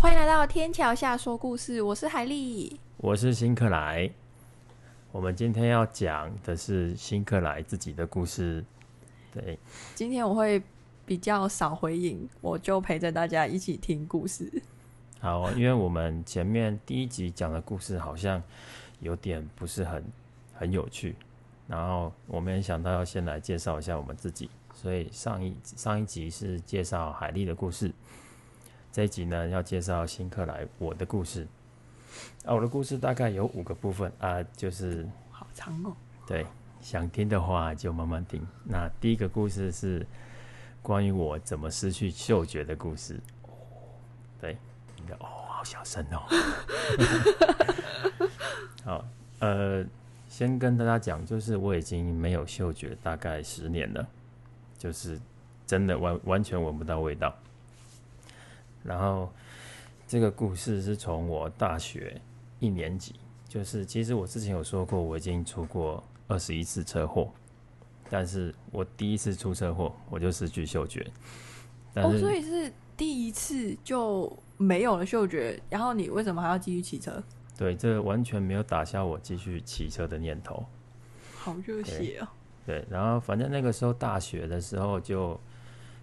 歡迎來到天橋下說故事，我是海莉，我是辛克萊。我們今天要講的是辛克萊自己的故事。對，今天我會比較少回應，我就陪着大家一起聽故事。好，因為我們前面第一集講的故事好像有點不是很很有趣，然後我們也想到要先來介紹一下我們自己。所以上一上一集是介紹海麗的故事，這一集呢，要介紹辛克萊我的故事。啊，我的故事大概有五個部分啊，呃，就是好長哦。對，想聽的話就慢慢聽。那第一個故事是關於我怎麼失去嗅覺的故事。對，哦，好小聲哦。 好，呃，先跟大家講，就是我已經沒有嗅覺大概十年了。就是真的完完全聞不到味道。然後這個故事是從我大學一年級，就是其實我之前有說過，我已經出過二十一次車禍，但是我第一次出車禍，我就失去嗅覺。哦，所以是第一次就沒有了嗅覺，然後你為什麼還要繼續騎車？對，這完全沒有打消我繼續騎車的念頭。好熱血哦！對，然後反正那個時候大學的時候，就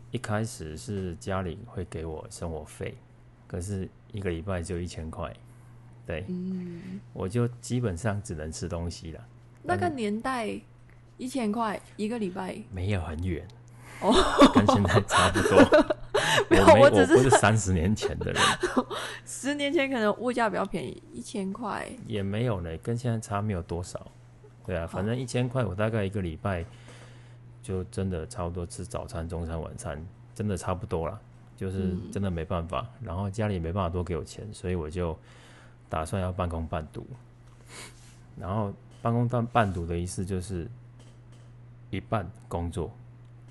一開始是家裡會給我生活費，可是一個禮拜就一千塊，對，嗯，我就基本上只能吃東西了。那個年代一千塊一個禮拜沒有很遠哦，跟現在差不多。 沒我沒我，我不是三十年前的人， 十年前可能物價比較便宜，一千塊也沒有呢，跟現在差沒有多少。對啊，反正一千塊，我大概一個禮拜就真的差不多吃早餐、oh. 中餐、晚餐，真的差不多了。就是真的沒辦法，mm. 然後家裡沒辦法多給我錢，所以我就打算要半工半讀。然後半工半半讀的意思就是一半工作，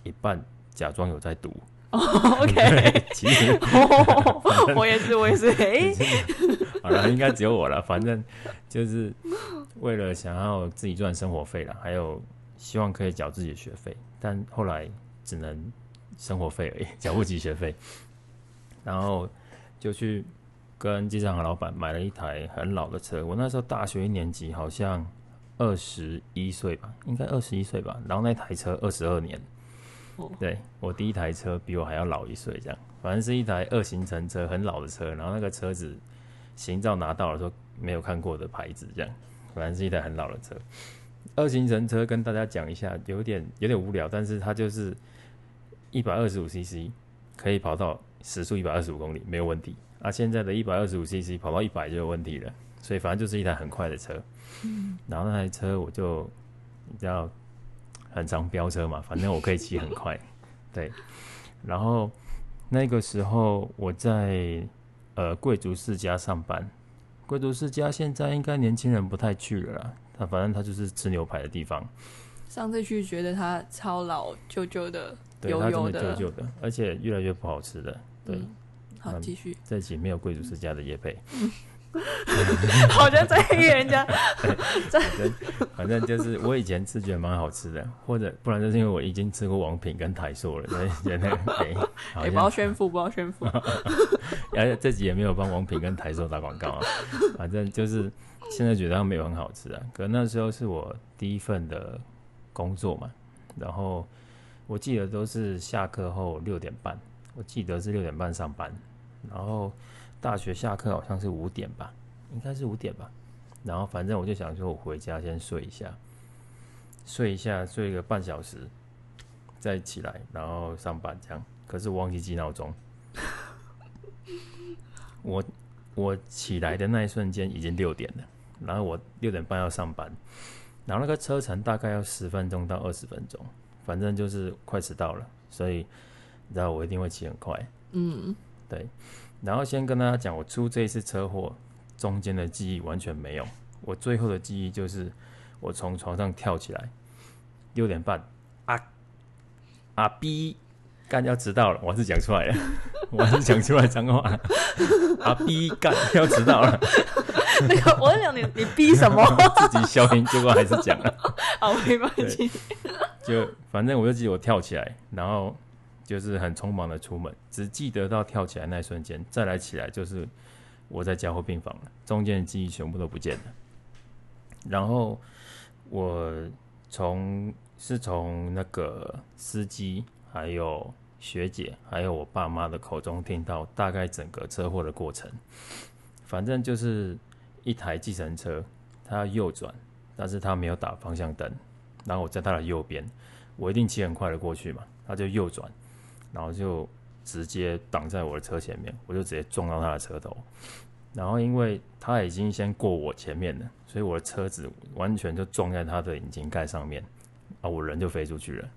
一半假裝有在讀。哦、oh，OK， 其實 oh, oh, oh. Oh, oh, oh. 我也是，我也是。哎，好了， 應該只有我了。反正就是。為了想要自己賺生活費啦，還有希望可以繳自己的學費，但後來只能生活費而已，繳不起學費。然後就去跟機廠老闆買了一台很老的車。我那時候大學一年級，好像二十一歲吧，應該二十一歲吧。然後那台車二十二年，對，我第一台車比我還要老一歲，這樣。反正是一台二行程車，很老的車。然後那個車子行照拿到了，說沒有看過的牌子這樣。反正是一台很老的車，二行程車，跟大家講一下，有點有點無聊，但是它就是一百二十五 CC 可以跑到時速一百二十五公里沒有問題啊。現在的一百二十五 CC 跑到一百就有問題了，所以反正就是一台很快的車。嗯，然後那台車我就比較很常飆車嘛，反正我可以騎很快， 對。然後那個時候我在呃貴族世家上班。貴族世家現在應該年輕人不太去了啦，他反正他就是吃牛排的地方。上次去覺得他超老舊舊的，對，他真的舊舊的，油油的，而且越來越不好吃了。對，嗯、好繼續。這、嗯、一集沒有貴族世家的業配。嗯嗯 好像在黑人家。反正反正就是，我以前吃覺得蠻好吃的，或者不然就是因為我已經吃過王品跟台塑了，所以覺得可以、欸。不要炫富，不要炫富。而且這集也沒有幫王品跟台塑打廣告啊。反正就是現在覺得沒有很好吃啊。可那時候是我第一份的工作嘛，然後我記得都是下課後六點半，我記得是六點半上班，然後。大學下課好像是五點吧，應該是五點吧。然後反正我就想說，我回家先睡一下，睡一下睡個半小時，再起來，然後上班這樣。可是我忘記記鬧鐘。 我我起來的那一瞬間已經六點了，然後我六點半要上班，然後那個車程大概要十分鐘到二十分鐘，反正就是快遲到了，所以，然後我一定會騎很快。嗯，對。然後先跟大家講，我出這一次車禍中間的記憶完全沒有，我最後的記憶就是我從床上跳起來，六點半，啊啊逼，幹要遲到了，我還是講出來了， 我還是講出來髒話，啊，啊逼，幹要遲到了， 那個我要講你你逼什麼？ 自己消音結果還是講了，好沒關係， 就反正我就記得我跳起來，然後。就是很匆忙的出門，只記得到跳起來那瞬間，再來起來就是我在加護病房了，中間的記憶全部都不見了。然後我從是從那個司機、還有學姐、還有我爸媽的口中聽到大概整個車禍的過程，反正就是一台計程車，它要右轉，但是它沒有打方向燈，然後我在它的右邊，我一定騎很快的過去嘛，它就右轉。然後就直接擋在我的車前面，我就直接撞到他的車頭。然後因為他已經先過我前面了，所以我的車子完全就撞在他的引擎蓋上面。啊，我人就飛出去了。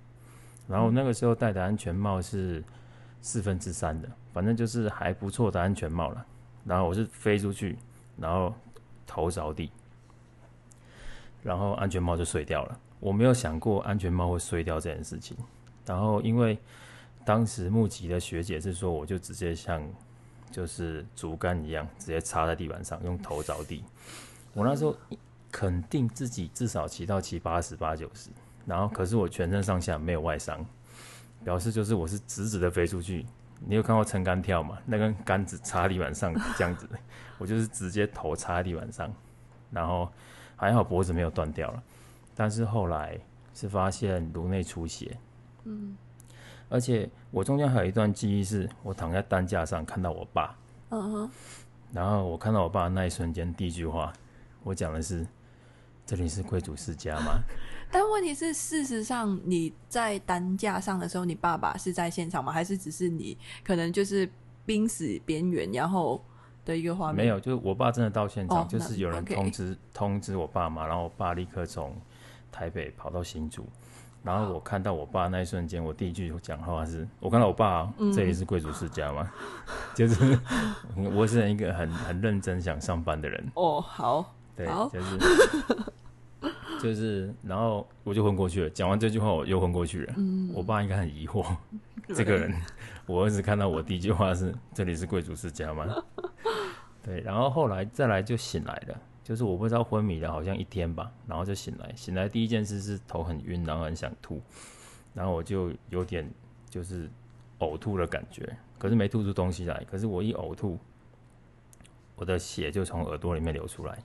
然後那個時候戴的安全帽是四分之三的，反正就是還不錯的安全帽了。然後我是飛出去，然後頭着地，然後安全帽就碎掉了。我沒有想過安全帽會碎掉這件事情。然後因為。當時目擊的學姐是說，我就直接像就是竹竿一樣，直接插在地板上，用頭着地。我那時候肯定自己至少騎到七八十、八九十，90，然後可是我全身上下沒有外傷、嗯，表示就是我是直直的飛出去。你有看過撐桿跳嗎？那根桿子插地板上這樣子、嗯，我就是直接頭插在地板上，然後還好脖子沒有斷掉了。但是後來是發現顱內出血。嗯。而且我中間還有一段記憶，是我躺在擔架上看到我爸。嗯哼。然後我看到我爸的那一瞬間，第一句話我講的是：“這裡是貴族世家嗎？” 但問題是，事實上你在擔架上的時候，你爸爸是在現場嗎？還是只是你可能就是瀕死邊緣，然後的一個畫面？沒有，就是我爸真的到現場，oh, 就是有人通知、okay. 通知我爸媽，然後我爸立刻從台北跑到新竹。然後我看到我爸那一瞬間，我第一句講話是：我看到我爸，這裡是貴族世家嗎？嗯、就是我是一個很很認真想上班的人。哦，好，對，就是就是，然後我就昏過去了。講完這句話，我又昏過去了。嗯、我爸應該很疑惑，這個人，我兒子看到我第一句話是：這裡是貴族世家嗎？對，然後後來再來就醒來了。就是我不知道昏迷了好像一天吧，然後就醒來。醒來第一件事是頭很暈，然後很想吐，然後我就有點就是嘔吐的感覺，可是沒吐出東西來。可是我一嘔吐，我的血就從耳朵裡面流出來。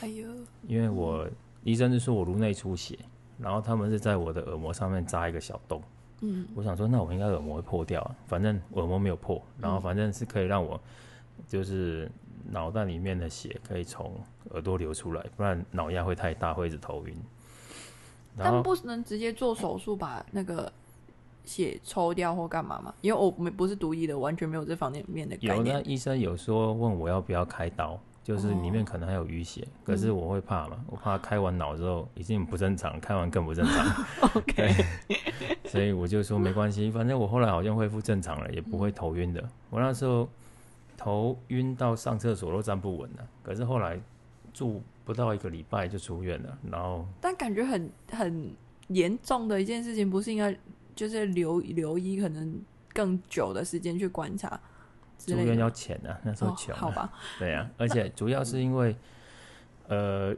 哎呦！因為我、嗯、醫生就說我顱內出血，然後他們是在我的耳膜上面扎一個小洞。嗯，我想說那我應該耳膜會破掉啊，反正耳膜沒有破，然後反正是可以讓我就是。腦袋裡面的血可以從耳朵流出來，不然腦壓會太大會一直，一直頭暈。但不能直接做手術把那個血抽掉或幹嘛嘛？因為我沒不是獨醫的，完全沒有這方面面的概念。有那醫生有說問我要不要開刀，就是裡面可能還有淤血，哦，可是我會怕嘛，我怕開完腦之後已經不正常，開完更不正常。 OK，所以我就說沒關係，反正我後來好像恢復正常了，也不會頭暈的。我那時候。頭暈到上廁所都站不穩了，可是後來住不到一個禮拜就出院了，然後。但感覺很很嚴重的一件事情，不是應該就是留留醫，可能更久的時間去觀察。住院要錢啊，那時候窮啊。哦，好吧。 對啊，而且主要是因為， 呃。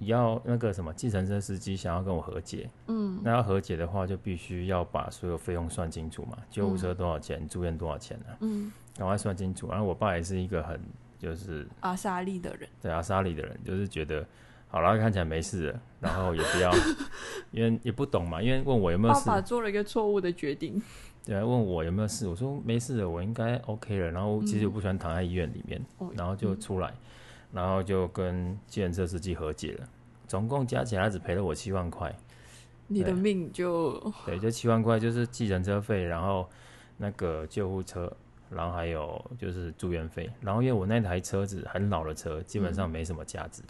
要那個什麼，計程車司機想要跟我和解，嗯，那要和解的話，就必須要把所有費用算清楚嘛，救護車多少錢、嗯，住院多少錢呢、啊、嗯，趕快算清楚。然後我爸也是一個很就是阿、啊、沙利的人，對阿、啊、沙利的人，就是覺得好了，然後看起來沒事了，然後也不要， 因為也不懂嘛，因為問我有沒有事，爸爸做了一個錯誤的決定，對，問我有沒有事，我說沒事的，我應該 OK 了。然後其實我不喜歡躺在醫院裡面，嗯、然後就出來。嗯然後就跟計程車司機和解了，總共加起來只賠了我七萬塊。你的命就。對，這七萬塊就是計程車費，然後那個救護車，然後還有就是住院費。然後因為我那台車子很老的車，基本上沒什麼價值。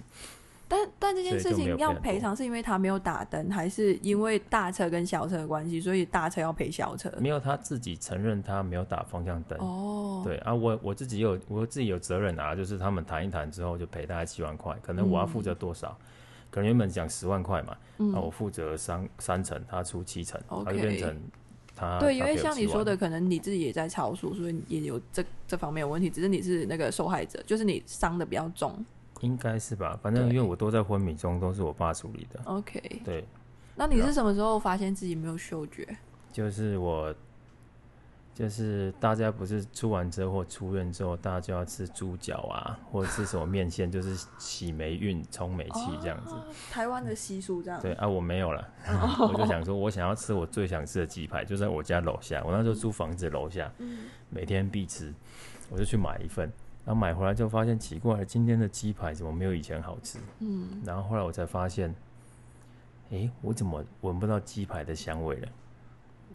但但這件事情要賠償，是因為他沒有打燈，還是因為大車跟小車的關係，所以大車要賠小車？沒有，他自己承認他沒有打方向燈。哦，對啊我，我我自己有我自己有責任啊，就是他們談一談之後就賠大概七萬塊，可能我要負責多少、嗯？可能原本講十萬塊嘛，那、嗯啊、我負責三三成，他出七成，他、嗯、就變成他、okay、他對，因為像你說的，可能你自己也在超速，所以也有這這方面有問題，只是你是那個受害者，就是你傷得比較重。應該是吧，反正因為我都在昏迷中，都是我爸處理的。OK。對。那你是什麼時候發現自己沒有嗅覺？就是我，就是大家不是出完車禍出院之後，大家就要吃豬腳啊，或者吃什麼麵線， 就是洗霉運、沖霉氣這樣子。啊、台灣的習俗這樣。對啊，我沒有了。 我就想說，我想要吃我最想吃的雞排，就在我家樓下。我那時候租房子樓下、嗯，每天必吃，我就去買一份。然後買回來就發現奇怪，今天的雞排怎麼沒有以前好吃？嗯，然後後來我才發現，哎、欸，我怎麼聞不到雞排的香味了、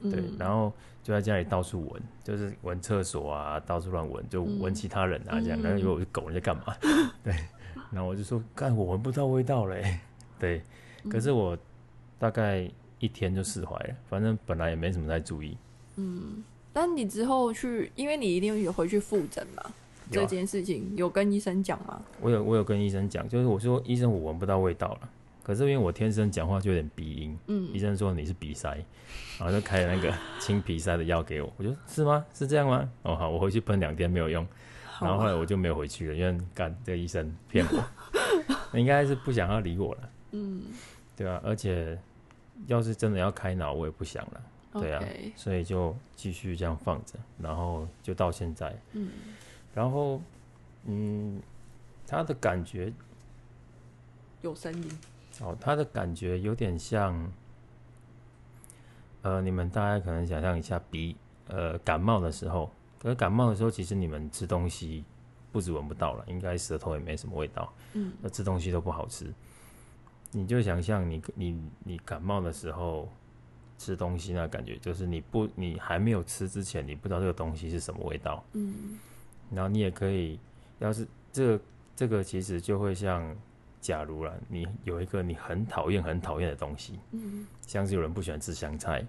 嗯？對，然後就在家裡到處聞，就是聞廁所啊，到處亂聞，就聞其他人啊這樣。然、嗯、後如果我是狗，你在幹嘛、嗯？對，然後我就說，看 我聞不到味道嘞。對，可是我大概一天就釋懷了，反正本來也沒什麼在注意。嗯，但你之後去，因為你一定要回去復診嘛。這件事情有跟醫生講嗎？我有，我有跟醫生講，就是我說醫生，我聞不到味道了。可是因為我天生講話就有點鼻音，嗯，醫生說你是鼻塞，然後就開了那個清鼻塞的藥給我。我說是嗎？是這樣嗎？哦，好，我回去噴兩天沒有用，然後後來我就沒有回去了，因為幹這個、醫生騙我， 應該是不想要理我了，嗯，對吧、啊？而且要是真的要開腦，我也不想了，嗯，對啊，所以就繼續這樣放着，然後就到現在，嗯。然後，嗯，他的感覺有聲音。哦，他的感覺有點像，呃，你們大家可能想象一下鼻、鼻呃感冒的時候，可是感冒的時候，其實你們吃東西不只聞不到了，應該舌頭也沒什麼味道，嗯，那吃東西都不好吃。你就想象你你你感冒的時候吃東西那感覺，就是你不，你還沒有吃之前，你不知道這個東西是什麼味道，嗯。然後你也可以，要是這個、這個其實就會像，假如啦，你有一個你很討厭很討厭的東西，嗯，像是有人不喜歡吃香菜，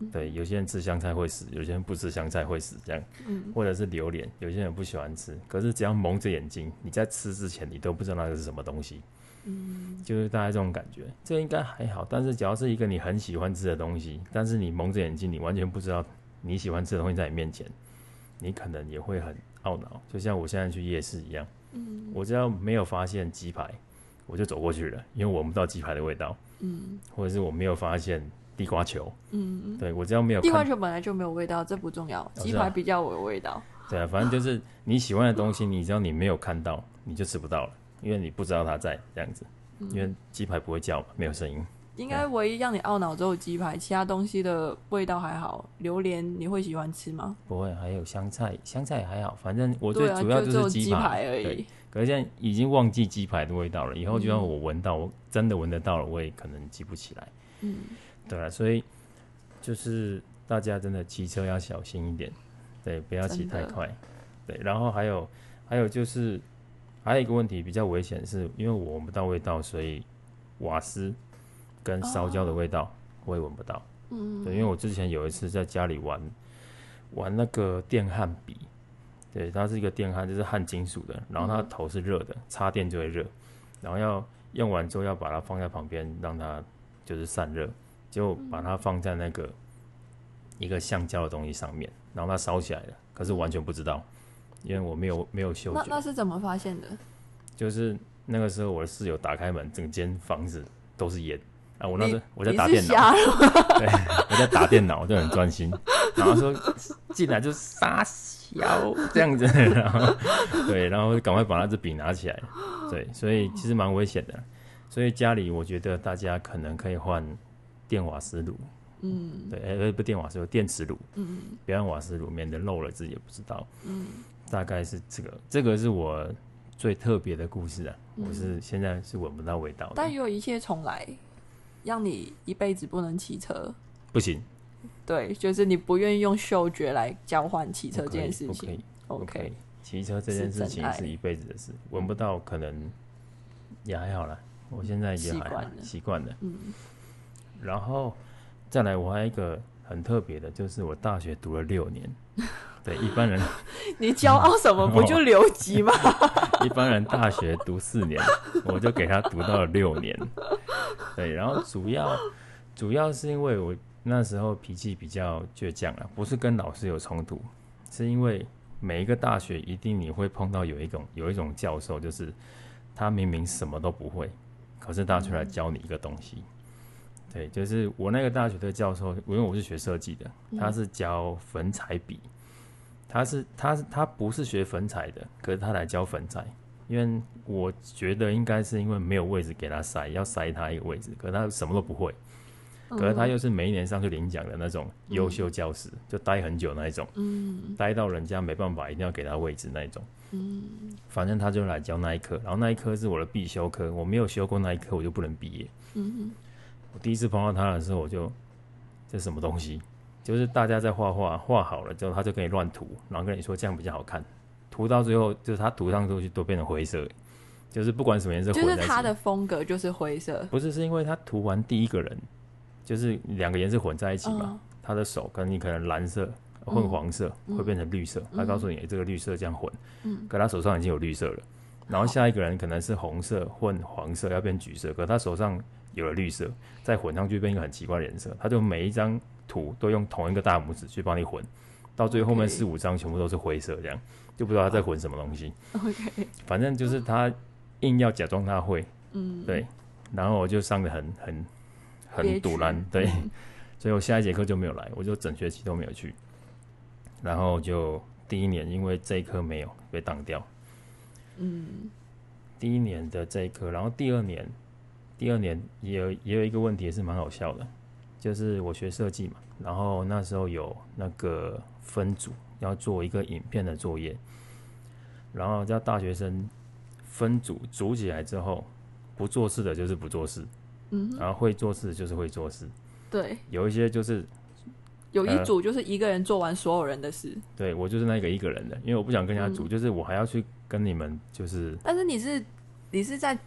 嗯，對，有些人吃香菜會死，有些人不吃香菜會死，這樣，嗯，或者是榴蓮，有些人不喜歡吃，可是只要蒙着眼睛，你在吃之前你都不知道那個是什麼東西，嗯，就是大概這種感覺，這應該還好，但是只要是一個你很喜歡吃的東西，但是你蒙着眼睛，你完全不知道你喜歡吃的東西在你面前，你可能也會很。懊惱，就像我現在去夜市一樣，嗯，我只要沒有發現雞排，我就走過去了，因為我聞不到雞排的味道，嗯，或者是我沒有發現地瓜球，嗯，對，我只要沒有地瓜球本來就沒有味道，這不重要，雞、哦啊、排比較有味道，對啊，反正就是你喜歡的東西，你只要你沒有看到， 你就吃不到了，因為你不知道它在這樣子，因為雞排不會叫嘛，沒有聲音。應該唯一讓你懊惱只有雞排，其他東西的味道還好。榴蓮你會喜歡吃嗎？不會。還有香菜，香菜也還好，反正我最主要就是雞排，對啊，就只有雞排而已。可是現在已經忘記雞排的味道了，嗯、以後就算我聞到，我真的聞得到了，我也可能記不起來。嗯，對啊，所以就是大家真的騎車要小心一點，對，不要騎太快。對，然後還有還有就是還有一個問題比較危險的是，因為我聞不到味道，所以瓦斯。跟燒焦的味道，oh.，我也聞不到。嗯，對，因為我之前有一次在家裡玩玩那個電焊筆，對，它是一個電焊，就是焊金屬的，然後它頭是熱的，mm -hmm. 插電就會熱，然後要用完之後要把它放在旁邊讓它就是散熱，就把它放在那個一個橡膠的東西上面，然後它燒起來了，可是完全不知道，mm -hmm. 因為我沒有沒有嗅覺。mm -hmm. 那，那是怎麼發現的？就是那個時候我的室友打開門，整間房子都是煙。啊！我那時候我在打電腦，對，我在打電腦，我 就很專心。然後說進來就撒嬌這樣子然後，對，然後趕快把那支筆拿起來，對，所以其實蠻危險的。所以家裡我覺得大家可能可以換電瓦斯爐，嗯，對，哎，不電瓦斯有電磁爐，嗯嗯，別用瓦斯爐，免得漏了自己也不知道、嗯。大概是這個，這個是我最特別的故事啊、嗯！我是現在是聞不到味道的，但也有一切重來，讓你一輩子不能騎車，不行。對，就是你不願意用嗅覺來交換騎車這件事情。不可以，OK，騎車這件事情是一輩子的事，聞不到可能也還好啦。我現在也還習慣了，習慣了、嗯，然後再來，我還有一個很特別的，就是我大學讀了六年。 對一般人， 你驕傲什麼？不就留級嗎？哦、 一般人大學讀四年， 我就給他讀到了六年。對，然後主要主要是因為我那時候脾氣比較倔強啦，不是跟老師有衝突，是因為每一個大學一定你會碰到有一種有一種教授，就是他明明什麼都不會，可是他出來教你一個東西。嗯。對，就是我那個大學的教授，因為我是學設計的，他是教粉彩筆，他是他是他不是學粉彩的，可是他來教粉彩。因為我覺得應該是因為沒有位置給他塞，要塞他一個位置，可是他什麼都不會，可是他又是每一年上去領獎的那種優秀教師，嗯，就待很久那一種，嗯，待到人家沒辦法一定要給他位置那一種，嗯，反正他就來教那一科，然後那一科是我的必修課，我沒有修過那一科我就不能畢業。嗯哼，我第一次碰到他的時候，我就這什麼東西？就是大家在畫畫，畫好了之後他就跟你亂塗，然後跟你說這樣比較好看。塗到最後，就是他塗上之後就都變成灰色，就是不管什麼顏色混，就是他的風格就是灰色。不是，是因為他塗完第一個人，就是兩個顏色混在一起嘛、嗯？他的手跟你可能藍色混黃色會變成綠色，嗯嗯、他告訴你這個綠色這樣混。嗯。可他手上已經有綠色了，嗯、然後下一個人可能是紅色混黃色要變橘色，可他手上有了綠色，再混上去變一個很奇怪的顏色。他就每一張圖都用同一個大拇指去幫你混，到最後面四五張全部都是灰色這樣。Okay. 就不知道他在混什麼東西。Oh, okay. 反正就是他硬要假裝他會，嗯、Oh.，對，然後我就上得很很很賭爛，對，所以我下一節課就沒有來，我就整學期都沒有去。然後就第一年因為這一科沒有被擋掉，嗯，第一年的這一科，然後第二年，第二年也有也有一個問題，也是蠻好笑的，就是我學設計嘛，然後那時候有那個分組。要做一個影片的作業，然後叫大學生分組組起來之後，不做事的就是不做事，嗯，然後會做事就是會做事，對，有一些就是有一組就是一個人做完所有人的事，呃、對我就是那個一個人的，因為我不想跟人家組、嗯，就是我還要去跟你們就是，但是你是你是在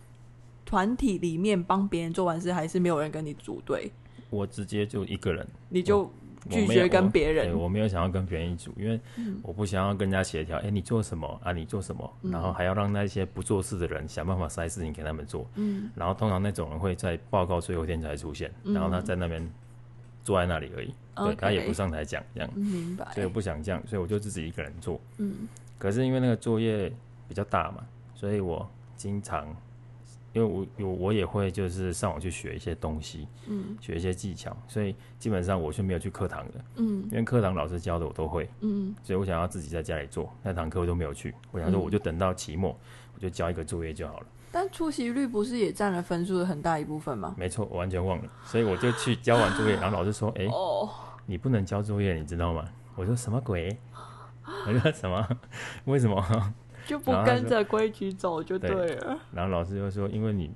團體裡面幫別人做完事，還是沒有人跟你組隊？我直接就一個人，你就。我沒有拒絕跟別人、欸，我沒有想要跟別人一組，因為我不想要跟人家協調。哎、欸，你做什麼啊？你做什麼、嗯？然後還要讓那些不做事的人想辦法塞事情給他們做。嗯、然後通常那種人會在報告最後一天才出現、嗯，然後他在那邊坐在那裡而已，嗯、對，他、okay. 也不上台講，這樣。明白。所以我不想這樣，所以我就自己一個人做。嗯、可是因為那個作業比較大嘛，所以我經常。因為我有我也會就是上網去學一些東西，嗯，學一些技巧，所以基本上我是沒有去課堂的，嗯，因為課堂老師教的我都會，嗯，所以我想要自己在家裡做，那堂課我都沒有去，我想說我就等到期末、嗯、我就交一個作業就好了。但出席率不是也占了分數的很大一部分嗎？沒錯，我完全忘了，所以我就去交完作業， 然後老師說，哎、欸，oh. 你不能交作業，你知道嗎？我說什麼鬼？我說什麼？ 為什麼？ 就不跟着規矩走就對了。然後，然後老師就說：“因為你，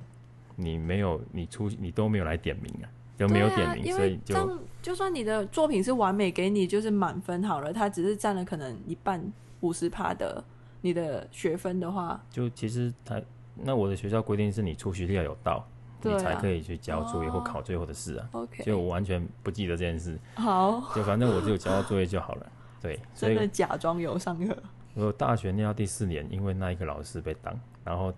你沒有，你出，你都沒有來點名啊，就沒有點名，啊、所以就就算你的作品是完美，給你就是滿分好了，它只是占了可能一半五十趴的你的學分的話，就其實他那我的學校規定是你出席率要有到、啊，你才可以去交作業或考最後的試啊。Oh, OK，所以我完全不記得這件事。好，就反正我就交了作業就好了。 對所以，真的假裝有上課。”我大學念到第四年，因為那一個老師被當，然後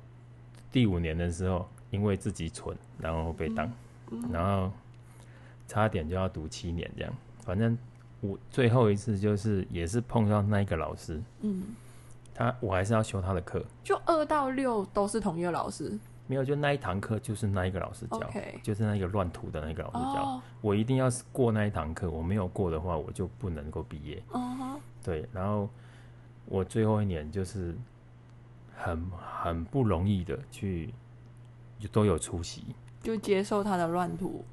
第五年的時候，因為自己蠢，然後被當，然後差點就要讀七年這樣。反正我最後一次就是也是碰到那一個老師，嗯，他我還是要修他的課，就二到六都是同一個老師，沒有，就那一堂課就是那一個老師教，就是那一個亂塗的那個老師教，我一定要過那一堂課，我沒有過的話我就不能夠畢業，對，然後。我最後一年就是很很不容易的去，都有出席，就接受他的亂塗，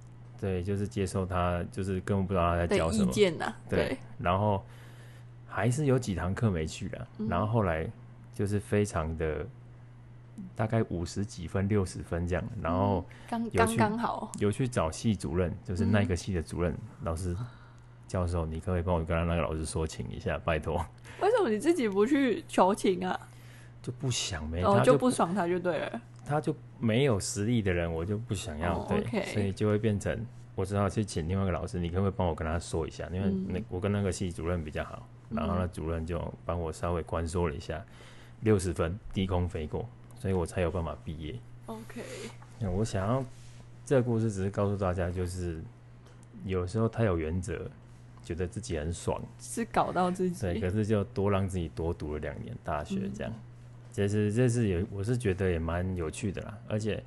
對，就是接受他，就是根本不知道他在教什麼。對，意見啊、對對然後還是有幾堂課沒去的、嗯，然後後來就是非常的大概五十幾分、六十分這樣，嗯、然後剛剛好有去找系主任，就是那個系的主任、嗯、老師教授，你可不可以幫我跟剛剛那個老師說情一下，拜託。為什麼你自己不去求情啊？就不想沒，他就,、oh, 就不爽他就對了，他就沒有實力的人，我就不想要、oh, okay. 對，所以就會變成我只好去請另外一個老師，你可不可以幫我跟他說一下？因為那我跟那個系主任比較好，嗯、然後那主任就幫我稍微關說了一下，六、嗯、十分低空飛過，所以我才有辦法畢業。OK，那、嗯、我想要這個故事只是告訴大家，就是有時候他有原則。覺得自己很爽，是搞到自己。對，可是就多讓自己多讀了兩年大學，這樣，嗯、其實這是這是也我是覺得也蠻有趣的啦。而且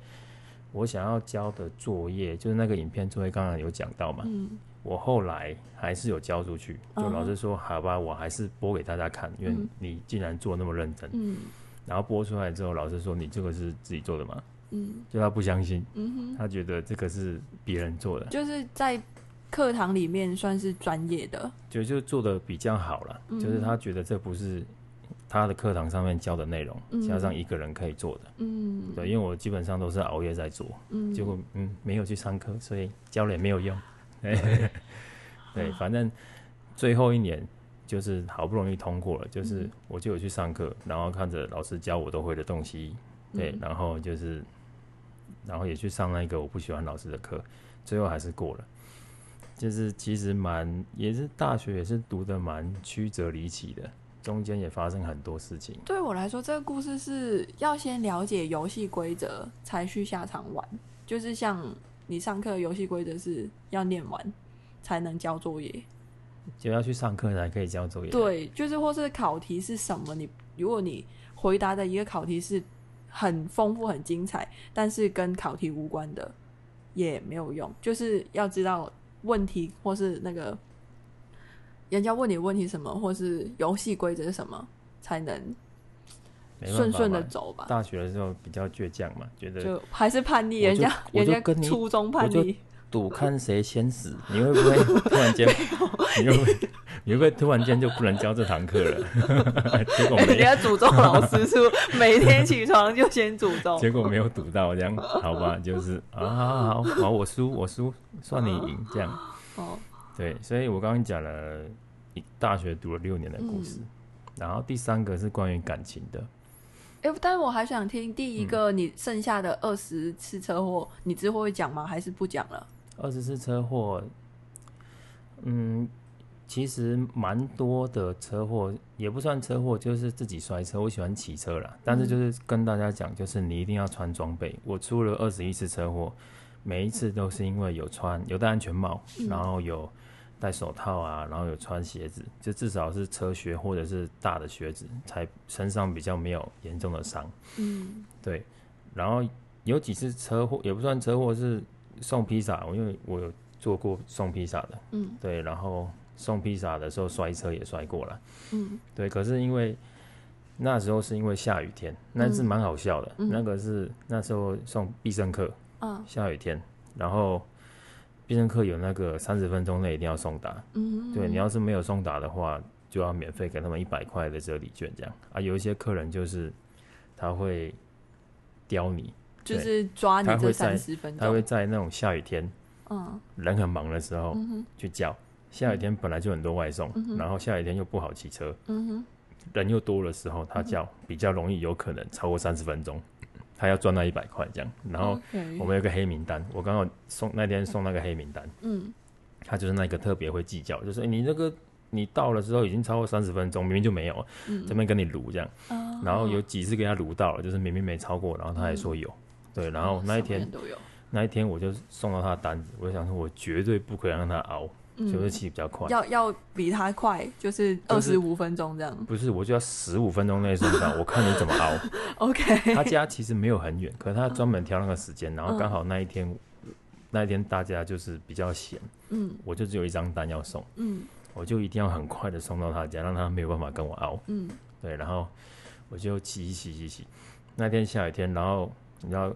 我想要交的作業，就是那個影片作業，剛剛有講到嘛、嗯，我後來還是有交出去。就老師說，嗯、好吧，我還是播給大家看，嗯，因為你竟然做那麼認真。嗯。然後播出來之後，老師說你這個是自己做的嗎？嗯。就他不相信，嗯哼、他覺得這個是別人做的，就是在。課堂裡面算是專業的，就就做的比較好了、嗯。就是他覺得這不是他的課堂上面教的內容、嗯，加上一個人可以做的。嗯，對，因為我基本上都是熬夜在做，嗯、結果嗯沒有去上課，所以教了也沒有用。對,對, 對，反正最後一年就是好不容易通過了，就是我就有去上課，然後看着老師教我都會的東西，對，嗯、然後就是然後也去上那個我不喜歡老師的課，最後還是過了。就是其實蠻也是大學也是讀的蠻曲折離奇的，中間也發生很多事情。對我來說，這個故事是要先了解遊戲規則才去下場玩，就是像你上課遊戲規則是要念完才能交作業，就要去上課才可以交作業。對，就是或是考題是什麼你，你如果你回答的一個考題是很豐富很精彩，但是跟考題無關的也沒有用，就是要知道。問題或是那個，人家問你問題什麼，或是遊戲規則是什麼，才能順順的走吧。大學的時候比較倔強嘛，覺得就還是叛逆，人家人家初中叛逆。賭看誰先死，你會不會突然間？ 你會不會你， 你會不會突然間就不能教這堂課了？ 結果沒、欸。人家詛咒老師說，每天起床就先詛咒。 結果沒有賭到這樣，好吧，就是啊，好好，好，好，好我輸我輸，算你贏這樣。哦，對，所以我剛剛講了大學讀了六年的故事，嗯，然後第三個是關於感情的。哎，欸，但是我還想聽第一個，你剩下的二十次車禍，嗯，你之後會講嗎？還是不講了？二十次車禍，嗯，其實蠻多的車禍也不算車禍，就是自己摔車。我喜歡騎車了，但是就是跟大家講，就是你一定要穿裝備。嗯。我出了二十一次車禍，每一次都是因為有穿有戴安全帽，嗯，然後有戴手套啊，然後有穿鞋子，就至少是車靴或者是大的鞋子，才身上比較沒有嚴重的傷。嗯，對。然後有幾次車禍也不算車禍是。送披薩，我因為我有做過送披薩的，嗯，對，然後送披薩的時候摔車也摔過了，嗯，對。可是因為那時候是因為下雨天，那是蠻好笑的，嗯。那個是那時候送必勝客，嗯，下雨天，然後必勝客有那個三十分鐘內一定要送達，嗯，對你要是沒有送達的話，就要免費給他們一百塊的折抵券這樣啊。有一些客人就是他會刁你，就是抓你這三十分鐘，他會在那種下雨天，嗯、uh，人很忙的時候去叫。Uh-huh. 下雨天本來就很多外送，uh-huh. 然後下雨天又不好騎車，嗯哼，人又多的時候，他叫，uh-huh. 比較容易，有可能超過三十分鐘，uh-huh. 他要賺那一百塊這樣。然後我們有個黑名單，Okay. 我剛好送那天送那個黑名單，嗯、uh-huh.，他就是那個特別會計較，就是、欸、你這、那個你到了之後已經超過三十分鐘，明明就沒有，uh-huh. 這邊跟你擼這樣，uh-huh. 然後有幾次給他擼到了，就是明明沒超過，然後他還說有。Uh-huh. 對，然後那一天那一天我就送到他的單子，我想說，我絕對不可以讓他熬，嗯、就是騎比較快，要要比他快，就是二十五分鐘這樣、就是。不是，我就要十五分鐘內送到， 我看你怎麼熬。OK，他家其實沒有很遠，可是他專門挑那個時間、嗯，然後剛好那一天、嗯、那一天大家就是比較閒，嗯，我就只有一張單要送，嗯，我就一定要很快的送到他家，讓他沒有辦法跟我熬，嗯，對，然後我就起起起起，起，那天下雨天，然後你知道。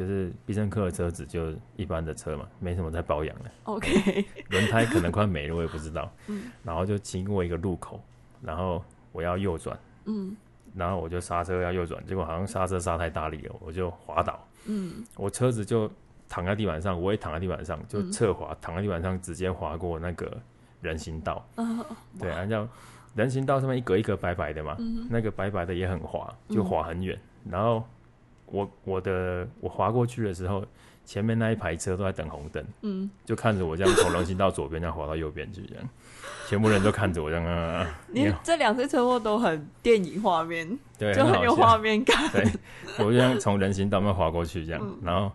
就是必勝客的車子，就一般的車嘛，沒什麼在保養的。OK，輪 胎可能快沒了，我也不知道。 嗯、然後就經過一個路口，然後我要右轉、嗯。然後我就剎車要右轉，結果好像剎車剎太大力了，我就滑倒、嗯。我車子就躺在地板上，我也躺在地板上就側，就側滑躺在地板上，直接滑過那個人行道。呃、對，然後叫人行道上面一格一格白白的嘛，嗯、那個白白的也很滑，就滑很遠、嗯。然後。我我的我滑過去的時候，前面那一排車都在等紅燈，嗯，就看着我這樣從人行道左邊 這樣滑到右邊去，這樣，全部人都看着我這樣啊、 嗯。你這兩次車禍都很電影畫面，對，就很有畫面感。對，我這樣從人行道那滑過去這樣，嗯、然後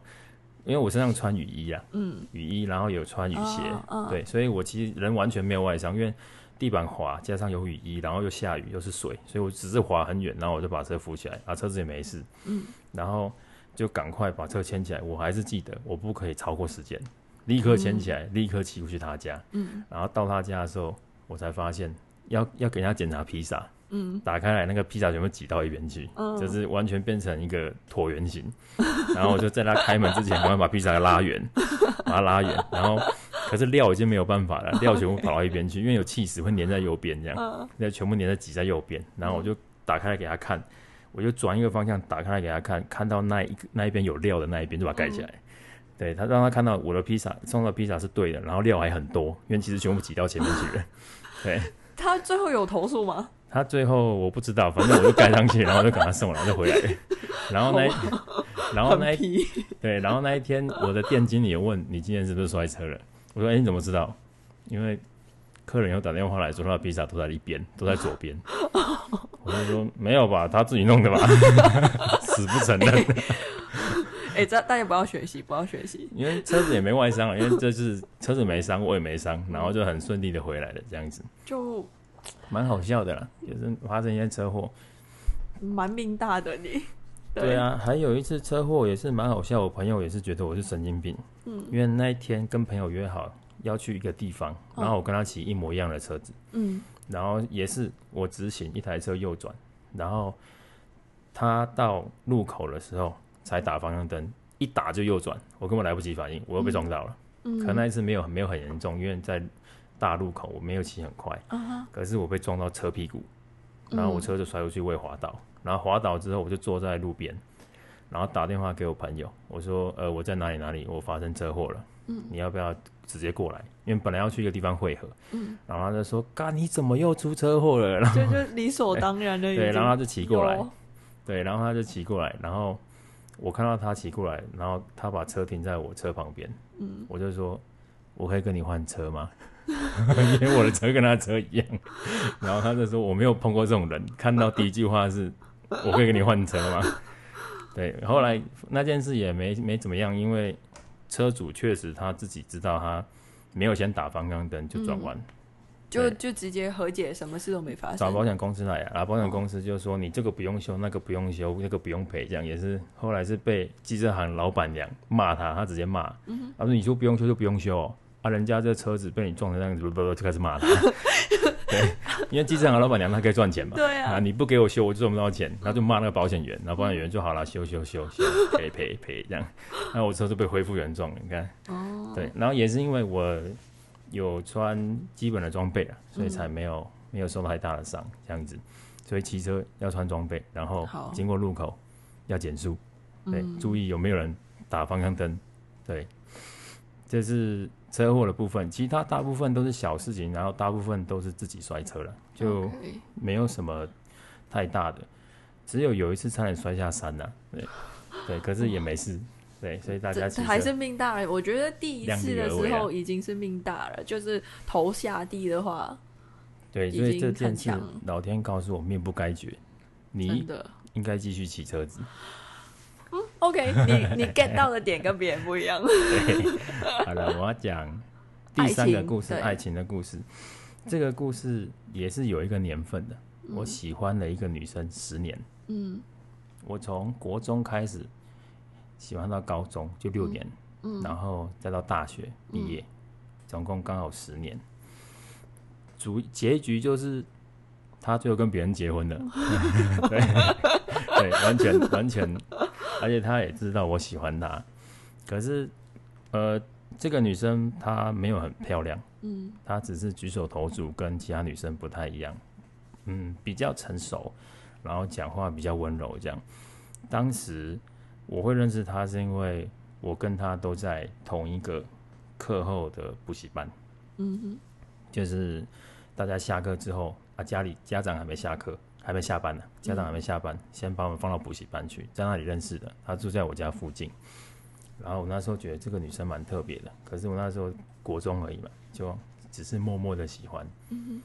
因為我身上穿雨衣啊，嗯，雨衣，然後有穿雨鞋，啊啊對，所以我其實人完全沒有外傷，因為。地板滑，加上有雨衣，然後又下雨，又是水，所以我只是滑很遠，然後我就把車扶起來，啊，車子也沒事，嗯，然後就趕快把車牽起來。我還是記得，我不可以超過時間，立刻牽起來，嗯，立刻騎回去他家，嗯，然後到他家的時候，我才發現，要，要給他檢查披薩。嗯，打開來，那個披薩全部擠到一邊去，嗯，就是完全變成一個橢圓形，嗯。然後我就在他開門之前慢慢，我要把披薩拉圓，把它拉圓。然後可是料已經沒有辦法了，料全部跑到一邊去，啊，因為有起司會粘在右邊這樣，那，嗯嗯，全部粘在擠在右邊。然後我就打開來給他看，嗯，我就轉一個方向打開來給他看，看到那一那一邊有料的那一邊，就把它蓋起來。嗯，對他，讓他看到我的披薩，送的披薩是對的，然後料還很多，因為其實全部擠到前面去了。嗯，對他最後有投訴嗎？他最後我不知道，反正我就蓋上去， 然後就趕快送我，然後 就回來了，然後那，然後那，一然後那一，對，然後那一天我的店經理也問，你今天是不是摔車了？我說哎，你怎麼知道？因為客人又打電話來說他的披薩都在一邊，都在左邊。 我就說沒有吧，他自己弄的吧， 死不承認。哎，這大家不要學習，不要學習，因為車子也沒外傷，因為這次車子沒傷，我也沒傷，然後就很順利的回來了，這樣子就。蠻好笑的啦，也是發生一些車禍，蠻命大的你，對。對啊，還有一次車禍也是蠻好笑，我朋友也是覺得我是神經病。嗯。因為那一天跟朋友約好要去一個地方，然後我跟他騎一模一樣的車子。哦、嗯。然後也是我直行一台車右轉，然後他到路口的時候才打方向燈、嗯，一打就右轉，我根本來不及反應，我又被撞到了。嗯。可能那一次沒有沒有很嚴重，因為在。大路口，我沒有騎很快，uh-huh. 可是我被撞到車屁股，然後我車就甩出去，我也滑倒，嗯。然後滑倒之後，我就坐在路邊，然後打電話給我朋友，我說：“呃，我在哪裡哪裡，我發生車禍了，嗯，你要不要直接過來？因為本來要去一個地方會合，嗯，然後他就說：‘嘎，Gaz, 你怎麼又出車禍了，嗯？’然後就，就理所當然的，欸，對，然後他就騎過來，對，然後他就騎過來，然後我看到他騎過來，然後他把車停在我車旁邊，嗯，我就說：我可以跟你換車嗎？ 因為我的車跟他車一樣，然後他就說，我沒有碰過這種人。看到第一句話是，我會給你換車嗎？對，後來那件事也沒沒怎麼樣，因為車主確實他自己知道他沒有先打方向燈就轉彎，就就直接和解，什麼事都沒發生。找保險公司來啊，啊，保險公司就說，你這個不用修，那個不用修，那個不用賠，這樣也是。後來是被機車行老闆娘罵他，他直接罵，他說，你說不用修就不用修、哦。啊！人家這車子被你撞成這樣子，不 不就開始罵他。對，因為機車行的老闆娘她可以賺錢嘛。 對啊，啊。你不給我修，我就賺不到錢。他就罵那個保險員，然後保險員就好了，修修修修，賠賠賠這樣。那我車就被恢復原狀了。你看，哦，對。然後也是因為我有穿基本的裝備啊，所以才沒有沒有受太大的傷。這樣子，所以騎車要穿裝備，然後經過路口要減速，對、嗯，注意有沒有人打方向燈。對，這是。車禍的部分，其他大部分都是小事情，然後大部分都是自己摔車了，就沒有什麼太大的，只有有一次差點摔下山了，啊，對對，可是也沒事，對，所以大家還是命大了。我覺得第一次的時候已經是命大了，就是頭下地的話，對，因為這件事老天告訴我命不該絕，你應該繼續騎車子。OK，你你 get 到的點跟別人不一樣。 好了，我要講第三個故事，愛情，愛情的故事。這個故事也是有一個年份的。嗯、我喜歡了一個女生，十年。嗯，我從國中開始喜歡到高中，就六年。嗯，然後再到大學畢業，嗯，總共剛好十年。主結局就是她最後跟別人結婚了。嗯、 對， 對，完全完全。而且她也知道我喜歡她，可是，呃，這個女生她沒有很漂亮，嗯，她只是舉手投足跟其他女生不太一樣，嗯，比較成熟，然後講話比較溫柔這樣。當時我會認識她是因為我跟她都在同一個課後的補習班，嗯嗯，就是大家下課之後啊，家裡家長還沒下課。還沒下班呢、啊，家長還沒下班，先把我們放到補習班去，在那裡認識的。她住在我家附近，然後我那時候覺得這個女生蠻特別的，可是我那時候國中而已嘛，就只是默默的喜歡。嗯哼。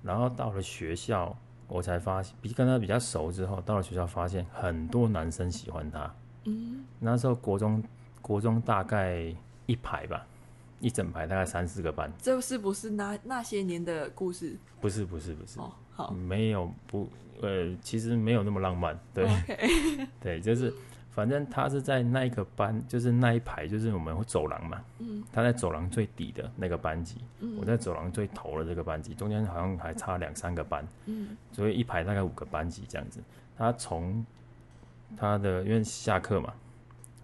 然後到了學校，我才發現，比跟她比較熟之後，到了學校發現很多男生喜歡她。嗯哼。那時候國中國中大概一排吧，一整排大概三四個班。這是不是那那些年的故事？不是不是不是。哦。沒有不，呃，其實沒有那麼浪漫，對，Okay. 對，就是反正他是在那一個班，就是那一排，就是我們走廊嘛、嗯，他在走廊最底的那個班級、嗯，我在走廊最頭的這個班級，中間好像還差兩三個班，嗯、所以一排大概五個班級這樣子。他從他的因為下課嘛，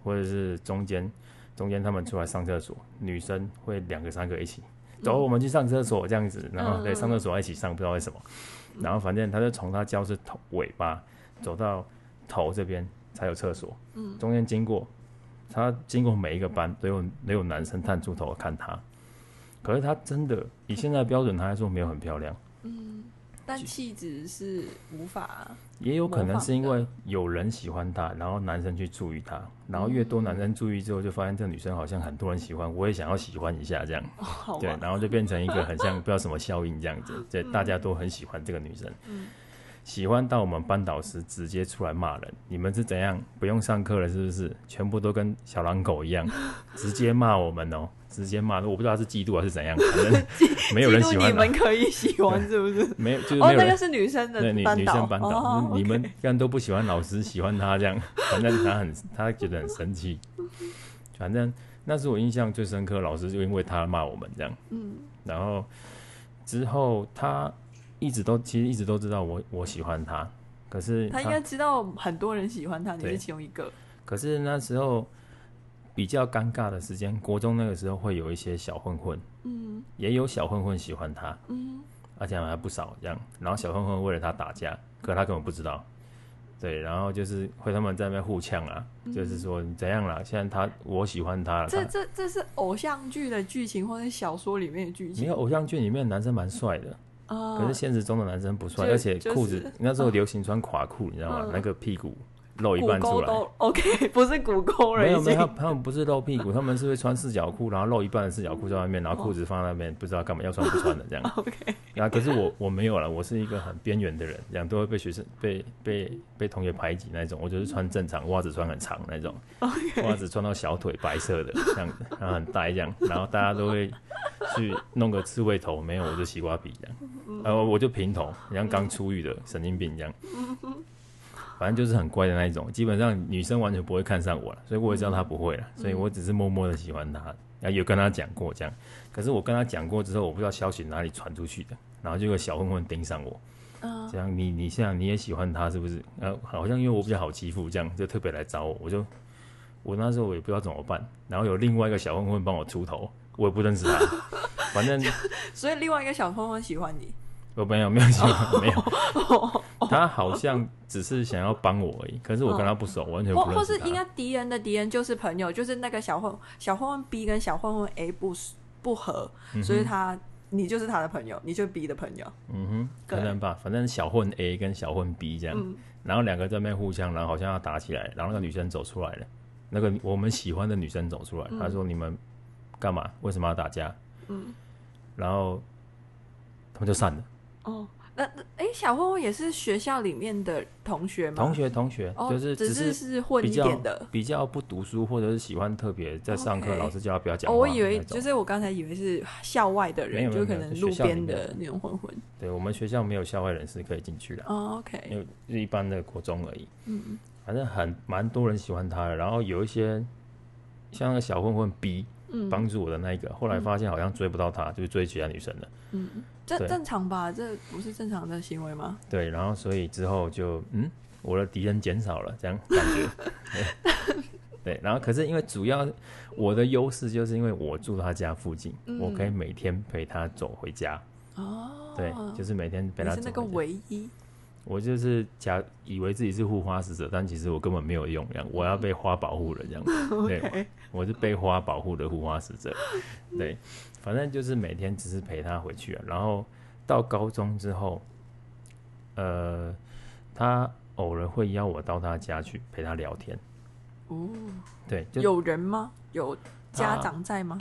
或者是中間中間他們出來上廁所，嗯、女生會兩個三個一起、嗯、走，我們去上廁所這樣子，然後對，上廁所一起上，不知道為什麼。嗯然後反正他就從他教室頭尾巴走到頭這邊才有廁所，嗯，中間經過，他經過每一個班都有都有男生探出頭看他，可是他真的以現在的標準他還說沒有很漂亮。但氣質是無法，也有可能是因為有人喜歡她，然後男生去注意她，然後越多男生注意之後，嗯，就發現這個女生好像很多人喜歡，我也想要喜歡一下這樣， 對，然後就變成一個很像 不知道什麼效應這樣子，對、嗯，大家都很喜歡這個女生。嗯喜歡到我們班導師直接出來罵人，你們是怎樣，不用上課了是不是？全部都跟小狼狗一樣，直接罵我們哦，直接罵。我不知道他是嫉妒還是怎樣，反正沒有人喜歡你們可以喜歡是不是？沒、就是、沒有人，哦，那個是女生的班導對女、女、女生班導，哦、你們這樣都不喜歡老師，喜歡他這樣，反正他很，他覺得很神奇。反正那是我印象最深刻，老師就因為他罵我們這樣，嗯，然後之後他。一直都其實一直都知道我我喜歡他，可是他，他應該知道很多人喜歡他，你是其中一個。可是那時候比較尷尬的時間，國中那個時候會有一些小混混，嗯，也有小混混喜歡他，嗯，而、啊、且還不少這樣。然後小混混為了他打架，嗯、可他根本不知道，對。然後就是會他們在那邊互嗆啊、嗯，就是說怎樣啦，現在他我喜歡他了、嗯、他這這這是偶像劇的劇情或者小說裡面的劇情。沒有偶像劇裡面的男生蠻帥的。嗯可是現實中的男生不帥，哦，而且褲子、就是、那時候流行穿垮褲，哦，你知道嗎？哦、那個屁股。露一半出來勾，OK，不是股溝人。沒有沒有他，他們不是露屁股，他們是會穿四角褲，然後露一半的四角褲在外面，然後褲子放在那邊，oh. 不知道幹嘛，要穿不穿的這樣。OK，那、啊、可是我我沒有啦，我是一個很邊緣的人，這樣都會被學生被被被同學排擠那種。我就是穿正常，襪子穿很長那種，okay. 襪子穿到小腿，白色的這樣，然後很呆這樣，然後大家都會去弄個刺蝟頭，沒有我就西瓜皮這樣，呃我就平頭，你像剛出獄的神經病一樣。反正就是很乖的那一種，基本上女生完全不會看上我了，所以我也知道她不會了，嗯，所以我只是默默的喜歡她，啊、嗯，然後有跟她講過這樣。可是我跟她講過之後，我不知道消息哪裡傳出去的，然後就有個小混混盯上我，嗯，這樣你你像你也喜歡她是不是？呃，好像因為我比較好欺負，這樣就特別來找我，我就我那時候我也不知道怎麼辦，然後有另外一個小混混幫我出頭，我也不認識他， 反正 所以另外一個小混混喜歡你。沒有沒有沒有，他 好像只是想要幫我而已。可是我跟他不熟，嗯、我完全不是。不是應該敵人的敵人就是朋友，就是那個小混小混混 B 跟小混混 A 不不合，嗯、所以他你就是他的朋友，你就是 B 的朋友。嗯哼，可能吧，反正小混 A 跟小混 B 這樣，嗯、然後兩個在那邊互相，然後好像要打起來，然後那個女生走出來了，嗯、那個我們喜歡的女生走出來，嗯、她說你們幹嘛？為什麼要打架？嗯，然後他們就散了。哦，那哎、欸，小混混也是學校裡面的同學嗎？同學，同學，就是只是比較、哦、只是,是混一點的比，比較不讀書，或者是喜歡特別在上課、okay. 老師叫他不要講話。Oh, 我以為就是我剛才以為是校外的人，就可能路邊的那種混混。對我們學校沒有校外人士可以進去的哦。Oh, OK，因為一般的國中而已。嗯反正很蠻多人喜歡他的，然後有一些像那個小混混 B。嗯，幫助我的那一個、嗯，後來發現好像追不到她、嗯，就追其他女生了。嗯，正正常吧？這不是正常的行為嗎？對，然後所以之後就嗯，我的敵人減少了，這樣感覺 對。對，然後可是因為主要我的優勢就是因為我住他家附近，嗯、我可以每天陪他走回家、嗯就是、每天陪他走回家。哦，對，就是每天陪他走。是那個唯一。我就是假以為自己是護花使者，但其實我根本沒有用這樣，我要被花保護了，這樣子、嗯。對，我是被花保護的護花使者。 對，反正就是每天只是陪他回去、啊。然後到高中之後，呃，他偶然會邀我到他家去陪他聊天。哦，對，有人嗎？有家長在嗎？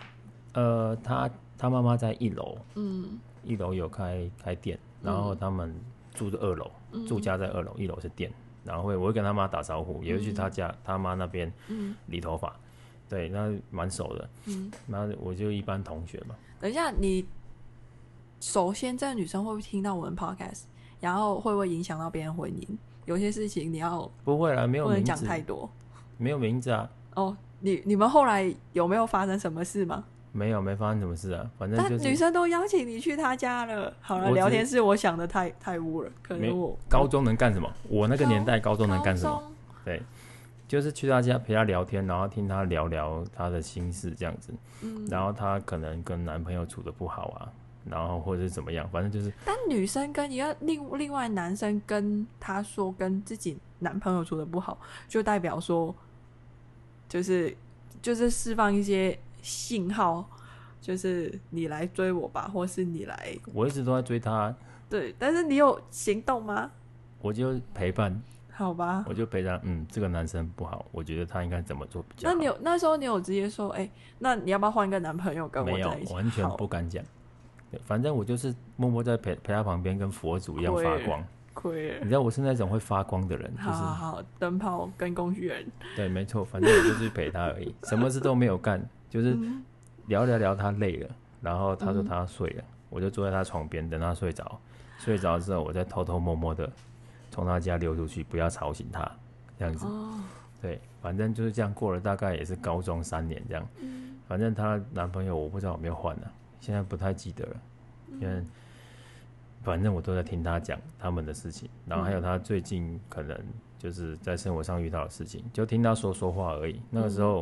呃，他他媽媽在一樓，嗯，一樓有開開店，然後他們。住在二樓，住家在二樓、嗯，一樓是店。然後會，我會跟他媽打招呼、嗯，也會去他家他媽那邊、嗯、理頭髮。對，那蠻熟的。嗯，那我就一般同學嘛。等一下，你首先在、這個、女生會不會聽到我們 Podcast？然後會不會影響到別人婚姻？有些事情你要不會啊，沒有講太多，沒有名字啊。哦、oh,，你你們後來有沒有發生什麼事嗎？沒有，沒發生什麼事啊。反正、就是、但女生都邀請你去她家了。好了，聊天是我想的太太污了，可能我高中能幹什麼？我那個年代高中能幹什麼？對，就是去她家陪她聊天，然後聽她聊聊她的心事這樣子。嗯，然後她可能跟男朋友處的不好啊，然後或者是怎麼樣，反正就是。但女生跟你要另另外男生跟她說跟自己男朋友處的不好，就代表說、就是，就是就是釋放一些。信號就是你來追我吧，或是你來。我一直都在追他。對，但是你有行動嗎？我就陪伴。好吧，我就陪他。嗯，這個男生不好，我覺得他應該怎麼做比較好。那你有那時候你有直接說，哎、欸，那你要不要換一個男朋友跟我在一起？沒有，完全不敢講。反正我就是默默在陪陪他旁邊，跟佛祖一樣發光。虧、欸欸，你知道我是那種會發光的人。就是、好好好，燈泡跟工具人。對，沒錯，反正我就是陪他而已， 什麼事都沒有幹。就是聊聊聊，她累了，嗯、然後她說她睡了、嗯，我就坐在她床邊等她睡着。嗯、睡着之後，我再偷偷摸摸的從她家溜出去，不要吵醒她。這樣子、哦，對，反正就是這樣過了大概也是高中三年這樣。嗯、反正她男朋友我不知道有沒有換呢、啊，現在不太記得了，嗯、因為反正我都在聽她講他們的事情，然後還有她最近可能就是在生活上遇到的事情，嗯、就聽她說說話而已。那個時候，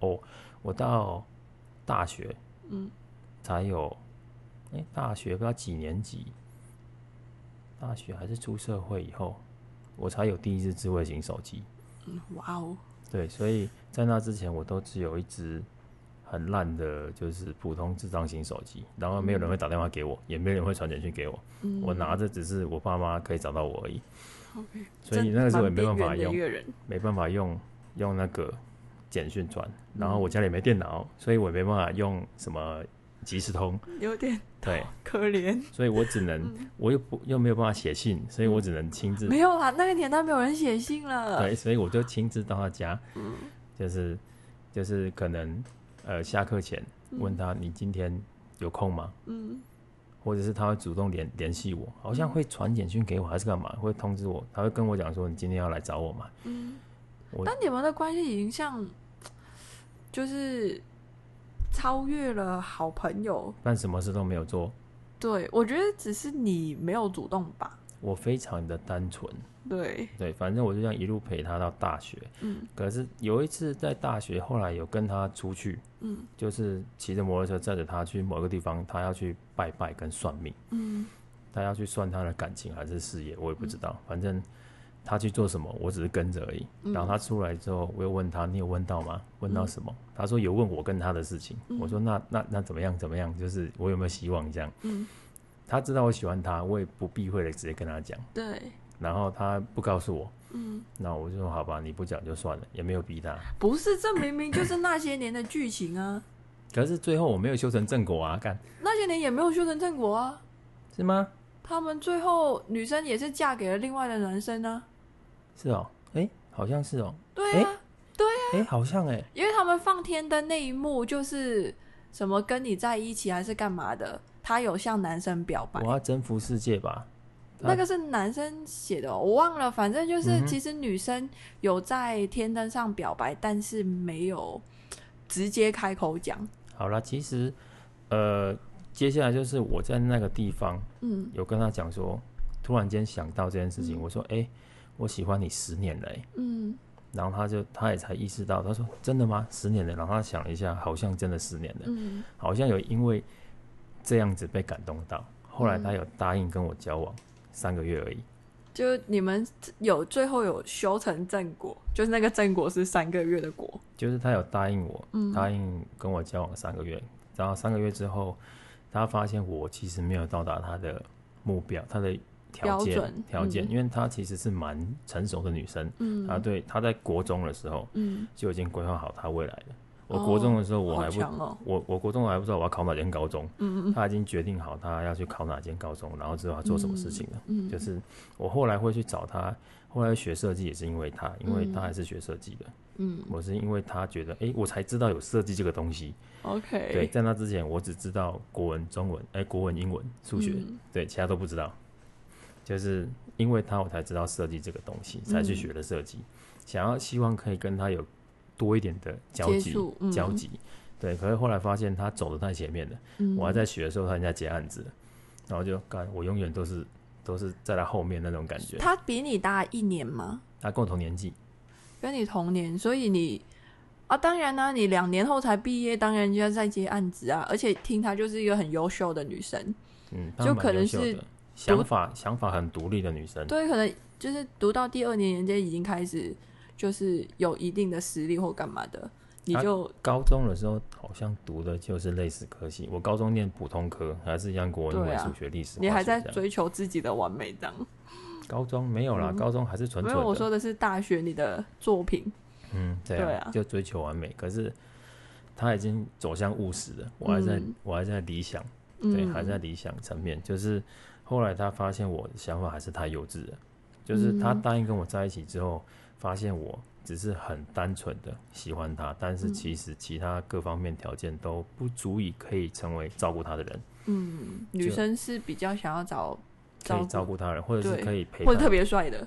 嗯、哦。我到大學，才有、欸，大學不知道幾年級，大學還是出社會以後，我才有第一支智慧型手機。哇、嗯、哦、wow。對，所以在那之前，我都只有一支很爛的，就是普通智障型手機，然後沒有人會打電話給我，嗯、也沒有人會傳簡訊給我。嗯、我拿着只是我爸媽可以找到我而已。Okay. 所以那個時候也沒辦法用，沒辦法用用那個。簡訊傳，然後我家裡沒電腦，所以我也沒辦法用什麼即時通，有點對可憐，所以我只能我又不又沒有辦法寫信，所以我只能親自、嗯、沒有啊，那個年代沒有人寫信了，對，所以我就親自到他家，嗯、就是就是可能呃下課前問他，你今天有空嗎？嗯，或者是他會主動聯聯繫我，好像會傳簡訊給我，還是幹嘛會通知我，他會跟我講說，你今天要來找我嘛，嗯，我，但你們的關係已經像。就是超越了好朋友，但什麼事都沒有做。對，我覺得只是你沒有主動吧？我非常的單純。對對，反正我就這樣一路陪他到大學。嗯，可是有一次在大學，後來有跟他出去，嗯，就是騎着摩托車載着他去某個地方，他要去拜拜跟算命。嗯，他要去算他的感情還是事業，我也不知道，嗯、反正。他去做什麼？我只是跟着而已、嗯。然後他出來之後，我又問他：“你有問到嗎？問到什麼？”嗯、他說：“有問我跟他的事情。嗯”我說那：“那那那怎麼樣？怎麼樣？就是我有沒有希望？這樣。”嗯。他知道我喜歡他，我也不避諱的直接跟他講。對。然後他不告訴我。嗯。那我就說好吧，你不講就算了，也沒有逼他。不是，這明明就是那些年的劇情啊。可是最後我沒有修成正果啊！幹，那些年也沒有修成正果啊，是嗎？他們最後女生也是嫁給了另外的男生呢、啊。是哦，哎、欸，好像是哦。對、啊欸、對哎、啊欸，好像哎、欸，因為他們放天燈那一幕，就是什麼跟你在一起還是幹嘛的，他有向男生表白，我要征服世界吧？嗯、那個是男生寫的、哦，我忘了，反正就是其實女生有在天燈上表白，嗯、但是沒有直接開口講。好啦，其實呃，接下來就是我在那個地方，嗯，有跟他講說，突然間想到這件事情，嗯、我說，哎、欸。我喜歡你十年了欸，嗯，然後他就他也才意識到，他說真的嗎？十年了，然後他想了一下，好像真的十年了，嗯，好像有因為這樣子被感動到，後來他有答應跟我交往三個月而已，就你們有最後有修成正果，就是那個正果是三個月的果，就是他有答應我，嗯，答應跟我交往三個月，然後三個月之後，他發現我其實沒有到達他的目標，他的。條件條件、嗯，因為她其實是蠻成熟的女生。嗯，她對她在國中的時候，嗯，就已經規劃好她未來了、哦。我國中的時候，我還不、哦、我我國中我還不知道我要考哪間高中。嗯，她已經決定好她要去考哪間高中，然後知道她做什麼事情了。嗯，就是我後來會去找她，後來學設計也是因為她，因為她還是學設計的。嗯，我是因為她覺得，誒、欸，我才知道有設計這個東西。OK。對，在那之前我只知道國文、中文，誒、欸，國文、英文、數學、嗯，對，其他都不知道。就是因為他，我才知道設計這個東西，才去學了設計、嗯。想要希望可以跟他有多一點的交集，嗯、交集。對，可是後來發現他走的太前面了、嗯，我還在學的時候，他已經在接案子，然後就幹，我永遠都是都是在他後面那種感覺。他比你大一年嗎？他共同年紀，跟你同年，所以你啊，當然呢、啊，你兩年後才畢業，當然就要在接案子啊。而且聽他就是一個很優秀的女生，嗯，就可能是。想法想法很獨立的女生，對，可能就是讀到第二年，人家已經開始，就是有一定的實力或幹嘛的，你就高中的時候好像讀的就是類似科系，我高中念普通科，還是央國英文、啊、數學、歷史，你還在追求自己的完美，這樣？高中沒有啦、嗯，高中還是純純。我說的是大學你的作品，嗯對、啊，對啊，就追求完美。可是他已經走向務實了，我還在，嗯、我還在理想，對，嗯、還在理想層面，就是。後來他發現我的想法還是太幼稚了，就是他答應跟我在一起之後，發現我只是很單純的喜歡他，但是其實其他各方面條件都不足以可以成為照顧他的人。嗯，女生是比較想要找可以照顧他的人，或者是可以陪他人，或者是特別帥的。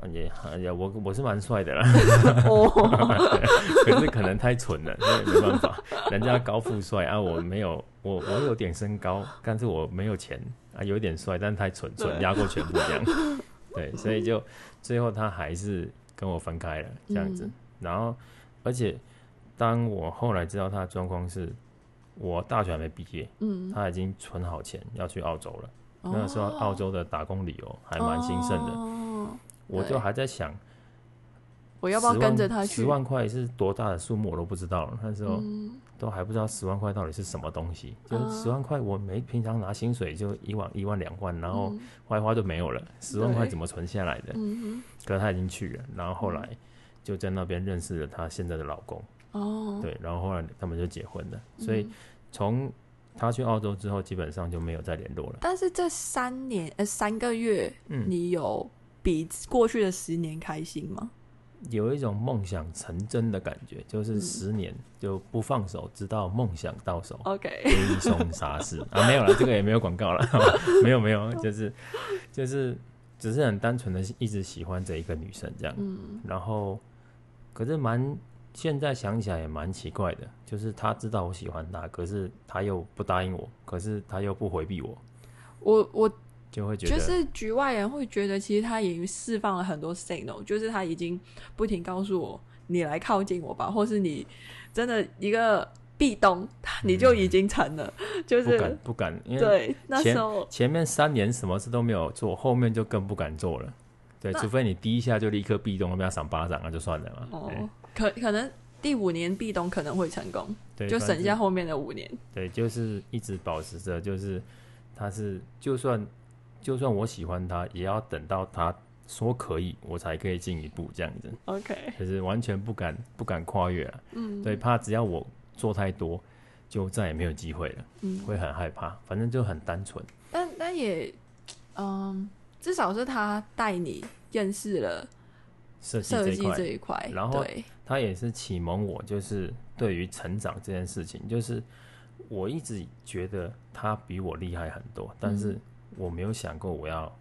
啊、也呀、啊，我我是蠻帥的啦， 可是可能太蠢了，沒辦法，人家高富帥啊，我沒有，我我有點身高，但是我沒有錢。有點帥，但是太蠢蠢，壓過全部這樣。 對，所以就最後他還是跟我分開了，這樣子、嗯。然後，而且當我後來知道他的狀況是，我大學還沒畢業、嗯，他已經存好錢要去澳洲了。哦、那個時候澳洲的打工旅遊還蠻興盛的、哦，我就還在想。我要不要跟着他去？十萬,十萬塊是多大的數目，我都不知道了。那時候，哦嗯，都還不知道十萬塊到底是什麼東西。嗯、就十萬塊，我沒平常拿薪水就一萬、一萬兩萬，然後花花就沒有了、嗯。十萬塊怎麼存下來的？可是他已經去了、嗯，然後後來就在那邊認識了他現在的老公。哦，對，然後後來他們就結婚了。嗯、所以從他去澳洲之後，基本上就沒有再聯絡了。但是這三年，呃、三個月、嗯，你有比過去的十年開心嗎？有一種夢想成真的感覺，就是十年就不放手，直到夢想到手。嗯、OK，輕鬆殺死啊，沒有了，這個也沒有廣告了， 沒有沒有，就是就是只是很單純的一直喜歡這一個女生這樣。嗯、然後可是蠻現在想起來也蠻奇怪的，就是他知道我喜歡他，可是他又不答應我，可是他又不回避我。我我。就會覺得，就是局外人會覺得，其實他已經釋放了很多 signal，no，就是他已經不停告訴我：“你來靠近我吧。”，或是你真的一個壁咚，你就已經成了。嗯、就是不敢不敢，因為對那時候前面三年什麼事都沒有做，後面就更不敢做了。對，除非你第一下就立刻壁咚，要不要賞巴掌那就算了嘛。哦，可可能第五年壁咚可能會成功，對，就省下後面的五年。對，就是一直保持着，就是他是就算。就算我喜歡他，也要等到他說可以，我才可以進一步這樣子。OK，就是完全不敢不敢跨越。嗯，對，怕只要我做太多，就再也沒有機會了。嗯，會很害怕，反正就很單純。但但也，嗯、呃，至少是他帶你認識了設計這一塊，然後他也是啟蒙我，就是對於成長這件事情、嗯，就是我一直覺得他比我厲害很多，但是、嗯。我沒有想過我要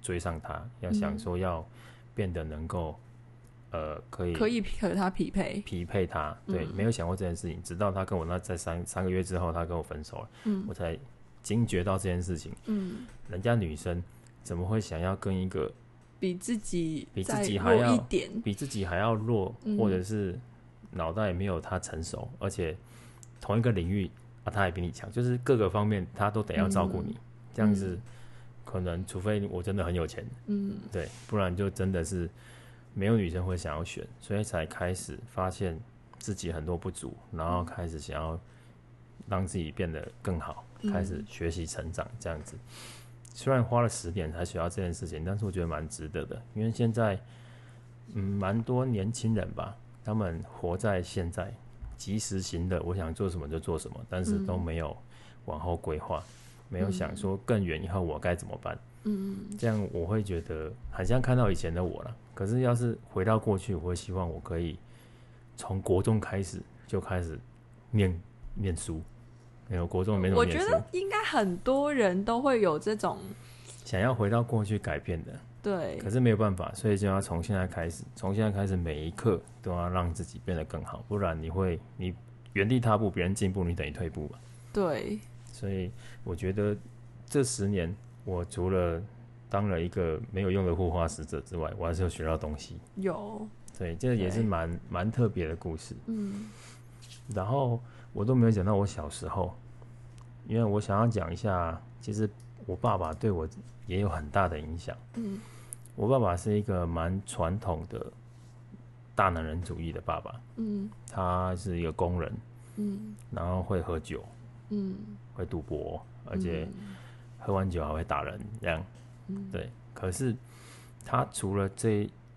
追上他，要想說要變得能夠、嗯，呃，可以可以和他匹配，匹配他、嗯，對，沒有想過這件事情。直到他跟我那在三三個月之後，他跟我分手了，嗯、我才驚覺到這件事情。嗯，人家女生怎麼會想要跟一個比自己比自己還要弱一點，比自己還要弱、嗯，或者是腦袋也沒有他成熟，而且同一個領域啊，他也比你強，就是各個方面他都得要照顧你、嗯，這樣子。可能除非我真的很有錢，嗯，對，不然就真的是沒有女生會想要選，所以才開始發現自己很多不足，然後開始想要讓自己變得更好，嗯、開始學習成長這樣子。雖然花了十年才學到這件事情，但是我覺得蠻值得的，因為現在嗯蠻多年輕人吧，他們活在現在，及時行樂，我想做什麼就做什麼，但是都沒有往後規劃。嗯沒有想說更遠以後我該怎麼辦，嗯，這樣我會覺得很像看到以前的我了。可是要是回到過去，我會希望我可以從國中開始就開始念念書，沒有國中沒怎麼念書。我覺得應該很多人都會有這種想要回到過去改變的，對。可是沒有辦法，所以就要從現在開始，從現在開始每一刻都要讓自己變得更好，不然你會你原地踏步，別人進步，你等於退步了。對。所以我覺得這十年，我除了當了一個沒有用的護花使者之外，我還是有學到東西。有。對，這個也是蠻、欸、蠻特別的故事。嗯。然後我都沒有講到我小時候，因為我想要講一下，其實我爸爸對我也有很大的影響。嗯。我爸爸是一個蠻傳統的大男人主義的爸爸。嗯。他是一個工人。嗯。然後會喝酒。嗯。會賭博，而且喝完酒還會打人，這樣、嗯。對，可是他除了這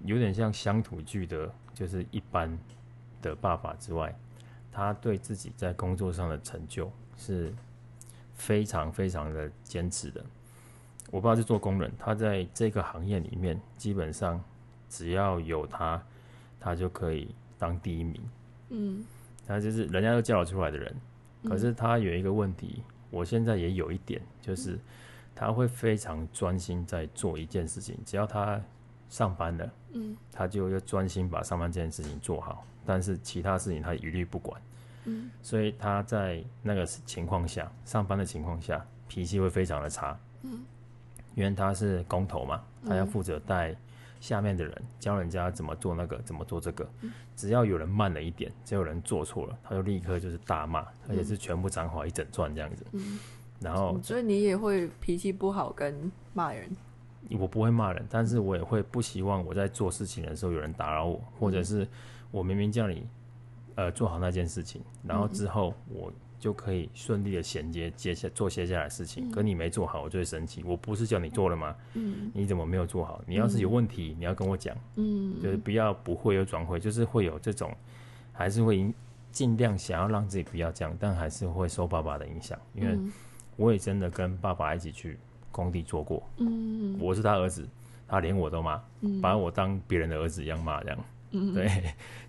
有點像鄉土劇的，就是一般的爸爸之外，他對自己在工作上的成就是非常非常的堅持的。我爸是做工人，他在這個行業裡面，基本上只要有他，他就可以當第一名。嗯，他就是人家都叫得出來的人。可是他有一個問題，嗯，我現在也有一點，就是他會非常專心在做一件事情，只要他上班了，嗯，他就要專心把上班這件事情做好，但是其他事情他一律不管，嗯，所以他在那個情況下，上班的情況下，脾氣會非常的差，嗯，因為他是工頭嘛，他要負責帶。下面的人教人家怎麼做那個，怎麼做這個，只要有人慢了一點，嗯、只有人做錯了，他就立刻就是大罵，而、嗯、且是全部整好一整串這樣子。嗯、然後，所以你也會脾氣不好跟罵人？我不會罵人，但是我也會不希望我在做事情的時候有人打擾我，或者是我明明叫你、嗯，呃，做好那件事情，然後之後我。嗯嗯就可以順利的銜接接，接下做接下來的事情，可、嗯、你沒做好，我就會生氣。我不是叫你做了嗎？嗯，你怎麼沒有做好？你要是有問題，嗯、你要跟我講。嗯，就是不要不會有轉回，就是會有這種，還是會盡量想要讓自己不要這樣，但還是會受爸爸的影響。因為我也真的跟爸爸一起去工地做過。嗯，我是他兒子，他連我都罵、嗯，把我當別人的兒子一樣罵這樣。嗯、對，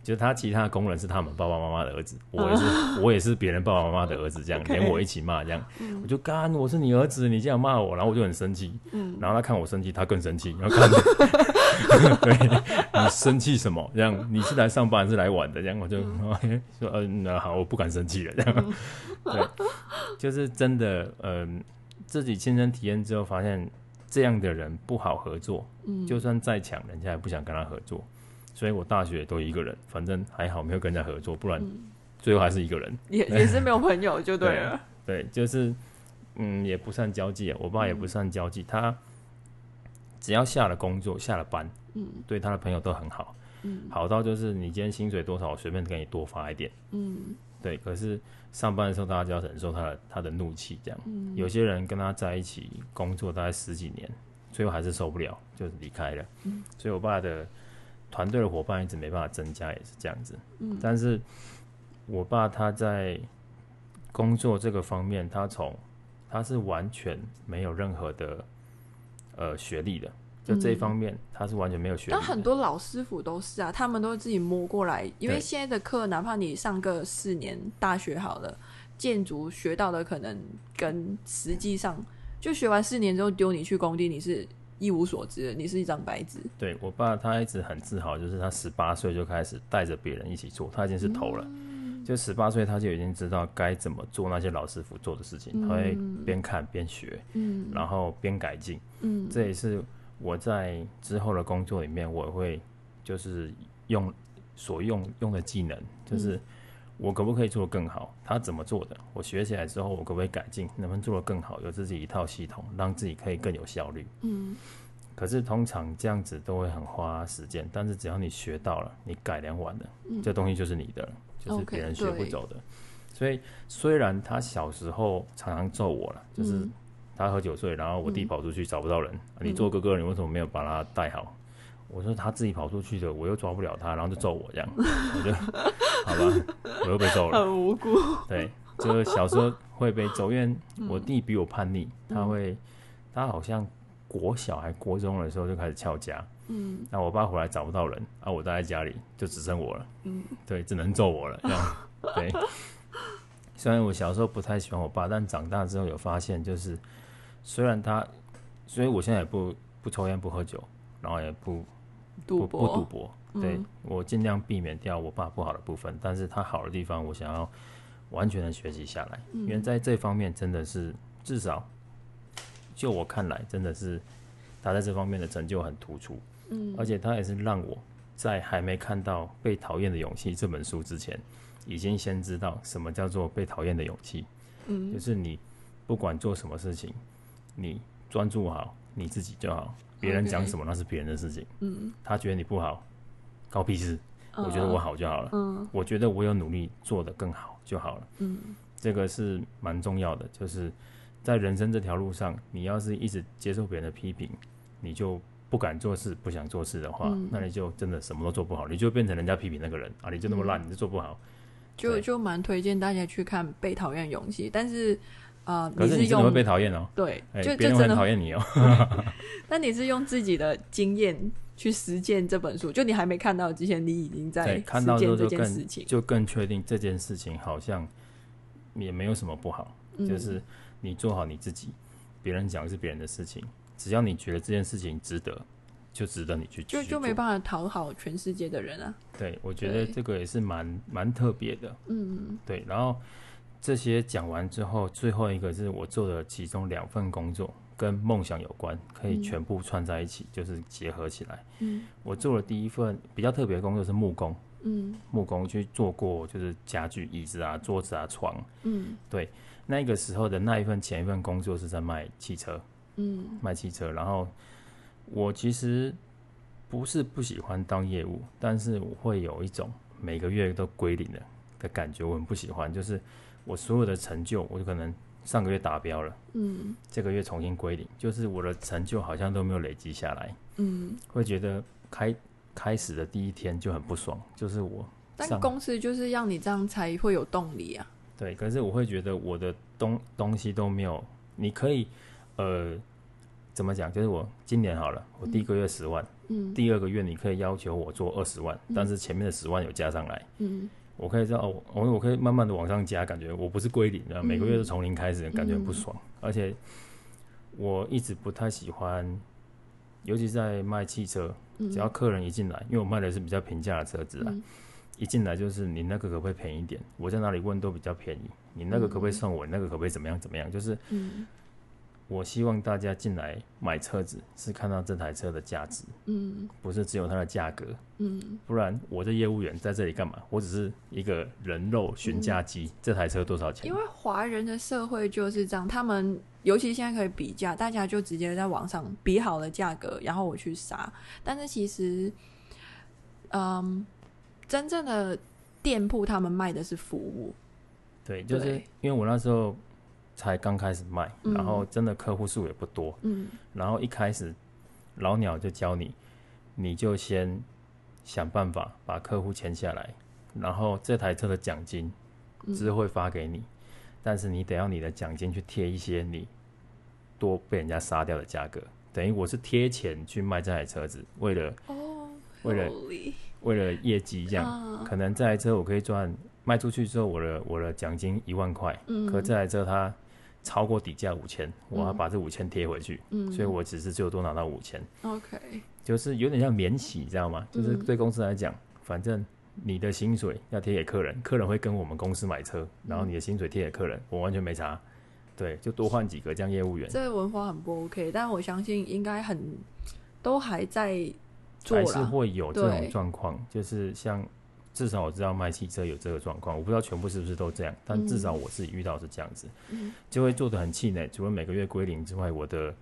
就他其他工人是他們爸爸媽媽的兒子，我也是 我也是別人爸爸媽媽的兒子，這樣連我一起罵，這樣、okay. 我就幹，我是你兒子，你這樣罵我，然後我就很生氣，嗯，然後他看我生氣，他更生氣，然後看着， 對，你生氣什麼？這樣你是來上班還是來玩的？這樣我就、嗯、說，嗯，好，我不敢生氣了，這樣，對，就是真的，嗯、呃，自己親身體驗之後發現，這樣的人不好合作，嗯、就算再強，人家也不想跟他合作。所以我大學都一個人，嗯、反正還好，沒有跟人家合作，不然最後還是一個人，嗯、也也是沒有朋友就對了。 對，對，就是嗯，也不算交際啊。我爸也不算交際、嗯，他只要下了工作，下了班，嗯、對他的朋友都很好、嗯，好到就是你今天薪水多少，我隨便給你多發一點，嗯，對。可是上班的時候，大家就要忍受他的他的怒氣這樣、嗯。有些人跟他在一起工作大概十幾年，最後還是受不了，就離開了、嗯。所以我爸的。團隊的夥伴一直沒辦法增加，也是這樣子。嗯，但是我爸他在工作這個方面，他從他是完全沒有任何的呃學歷的，就這一方面他是完全沒有學歷的。嗯。但很多老師傅都是啊，他們都自己摸過來。因為現在的課，哪怕你上個四年大學好了，建築學到的可能跟實際上就學完四年之後丟你去工地，你是。一無所知，你是一張白紙。對我爸，他一直很自豪，就是他十八歲就開始帶着別人一起做，他已經是頭了。嗯、就十八歲，他就已經知道該怎麼做那些老師傅做的事情，嗯、他會邊看邊學、嗯，然後邊改進、嗯，這也是我在之後的工作裡面，我會就是用所用用的技能，就是。我可不可以做得更好？他怎麼做的？我學起來之後，我可不可以改進，能不能做得更好？有自己一套系統，讓自己可以更有效率。嗯。可是通常這樣子都會很花時間，但是只要你學到了，你改良完了，嗯、這東西就是你的，就是別人學不走的。Okay，所以雖然他小時候常常揍我了、嗯，就是他喝酒醉，然後我弟跑出去找不到人。嗯、你做哥哥，你為什麼沒有把他帶好？我說他自己跑出去的，我又抓不了他，然後就揍我這樣，我就好吧， 我又被揍了，很無辜。對，就、這個、小時候會被揍，因為我弟比我叛逆、嗯，他會，他好像國小還國中的時候就開始翹家，嗯，那我爸回來找不到人，啊，我待在家裡就只剩我了，嗯，對，只能揍我了，這樣，對。雖然我小時候不太喜歡我爸，但長大之後有發現，就是雖然他，所以我現在也不不抽菸不喝酒，然後也不。不不賭博，對，嗯，我盡量避免掉我爸不好的部分，但是他好的地方我想要完全的學習下來，嗯，因為在這方面真的是至少就我看來真的是他在這方面的成就很突出，嗯，而且他也是讓我在還沒看到《被討厭的勇氣》這本書之前，已經先知道什麼叫做被討厭的勇氣，嗯，就是你不管做什麼事情，你專注好你自己就好。別人講什麼那是別人的事情，okay, 嗯，他覺得你不好，高屁事，呃，我覺得我好就好了，嗯，呃，我覺得我有努力做得更好就好了，嗯，這個是蠻重要的，就是在人生這條路上，你要是一直接受別人的批評，你就不敢做事，不想做事的話，嗯，那你就真的什麼都做不好，你就變成人家批評那個人啊，你就那麼爛，嗯，你就做不好，就就蠻推薦大家去看《被討厭的勇氣》，但是。啊、可是你怎會被討厭哦？對，欸、別人會、哦、就，就真的討厭你哦。 那你是用自己的經驗去實踐這本書，就你還沒看到之前，你已經在實踐這件事情，對，看到就，就更確定這件事情好像也沒有什麼不好，嗯、就是你做好你自己，別人講是別人的事情，只要你覺得這件事情值得，就值得你去。就去做，就沒辦法討好全世界的人啊！對，我覺得這個也是蠻蠻特別的。嗯，對，然後。這些講完之後，最後一個是我做的其中兩份工作跟夢想有關，可以全部串在一起，嗯、就是結合起來。嗯，我做的第一份比較特別的工作是木工，嗯，木工去做過就是家具、椅子啊、桌子啊、床，嗯，對。那個時候的那一份前一份工作是在賣汽車，嗯，賣汽車。然後我其實不是不喜歡當業務，但是我會有一種每個月都歸零的的感覺，我很不喜歡，就是。我所有的成就，我就可能上個月達標了，嗯，這個月重新歸零，就是我的成就好像都沒有累積下來，嗯，會覺得開開始的第一天就很不爽，就是我。但公司就是讓你這樣才會有動力啊。對，可是我會覺得我的東東西都沒有，你可以，呃，怎麼講？就是我今年好了，嗯，我第一個月十萬，嗯，第二個月你可以要求我做二十萬，嗯，但是前面的十萬有加上來，嗯。嗯我可以知道我，我我可以慢慢的往上加，感覺我不是歸零，每個月都從零開始、嗯嗯，感覺不爽。而且我一直不太喜歡，尤其在賣汽車，嗯、只要客人一進來，因為我賣的是比較平價的車子啊、嗯，一進來就是你那個可不可以便宜一點？我在哪裡問都比較便宜，你那個可不可以送我？那個可不可以怎麼樣怎麼樣？就是。嗯我希望大家進來買車子是看到這台車的價值，嗯，不是只有它的價格，嗯，不然我這業務員在這裡幹嘛？我只是一個人肉詢價機。這台車多少錢？因為華人的社會就是這樣，他們尤其現在可以比價，大家就直接在網上比好了價格，然後我去殺。但是其實，嗯，真正的店鋪他們賣的是服務，對。對，就是因為我那時候。才剛開始賣，然後真的客戶數也不多，嗯，嗯，然後一開始老鳥就教你，你就先想辦法把客戶簽下來，然後這台車的獎金只會發給你，嗯，但是你得要你的獎金去貼一些你多被人家殺掉的價格，等於我是貼錢去賣這台車子，為了哦，為了為了業績這樣，啊，可能這台車我可以賺，賣出去之後我，我的我的獎金一萬塊，嗯，可這台車它。超過底價五千，我要把這五千貼回去、嗯嗯，所以我只是最後多拿到五千、嗯。OK，就是有點像免洗，你知道嗎、嗯？就是對公司來講，反正你的薪水要貼給客人，客人會跟我們公司買車，然後你的薪水貼給客人、嗯，我完全沒查。對，就多換幾個這樣業務員。這個文化很不 OK，但我相信應該很都還在做還是會有這種狀況，就是像。至少我知道賣汽車有這個狀況，我不知道全部是不是都這樣，但至少我自己遇到的是這樣子，嗯、就會做得很氣餒。除了每個月歸零之外，我的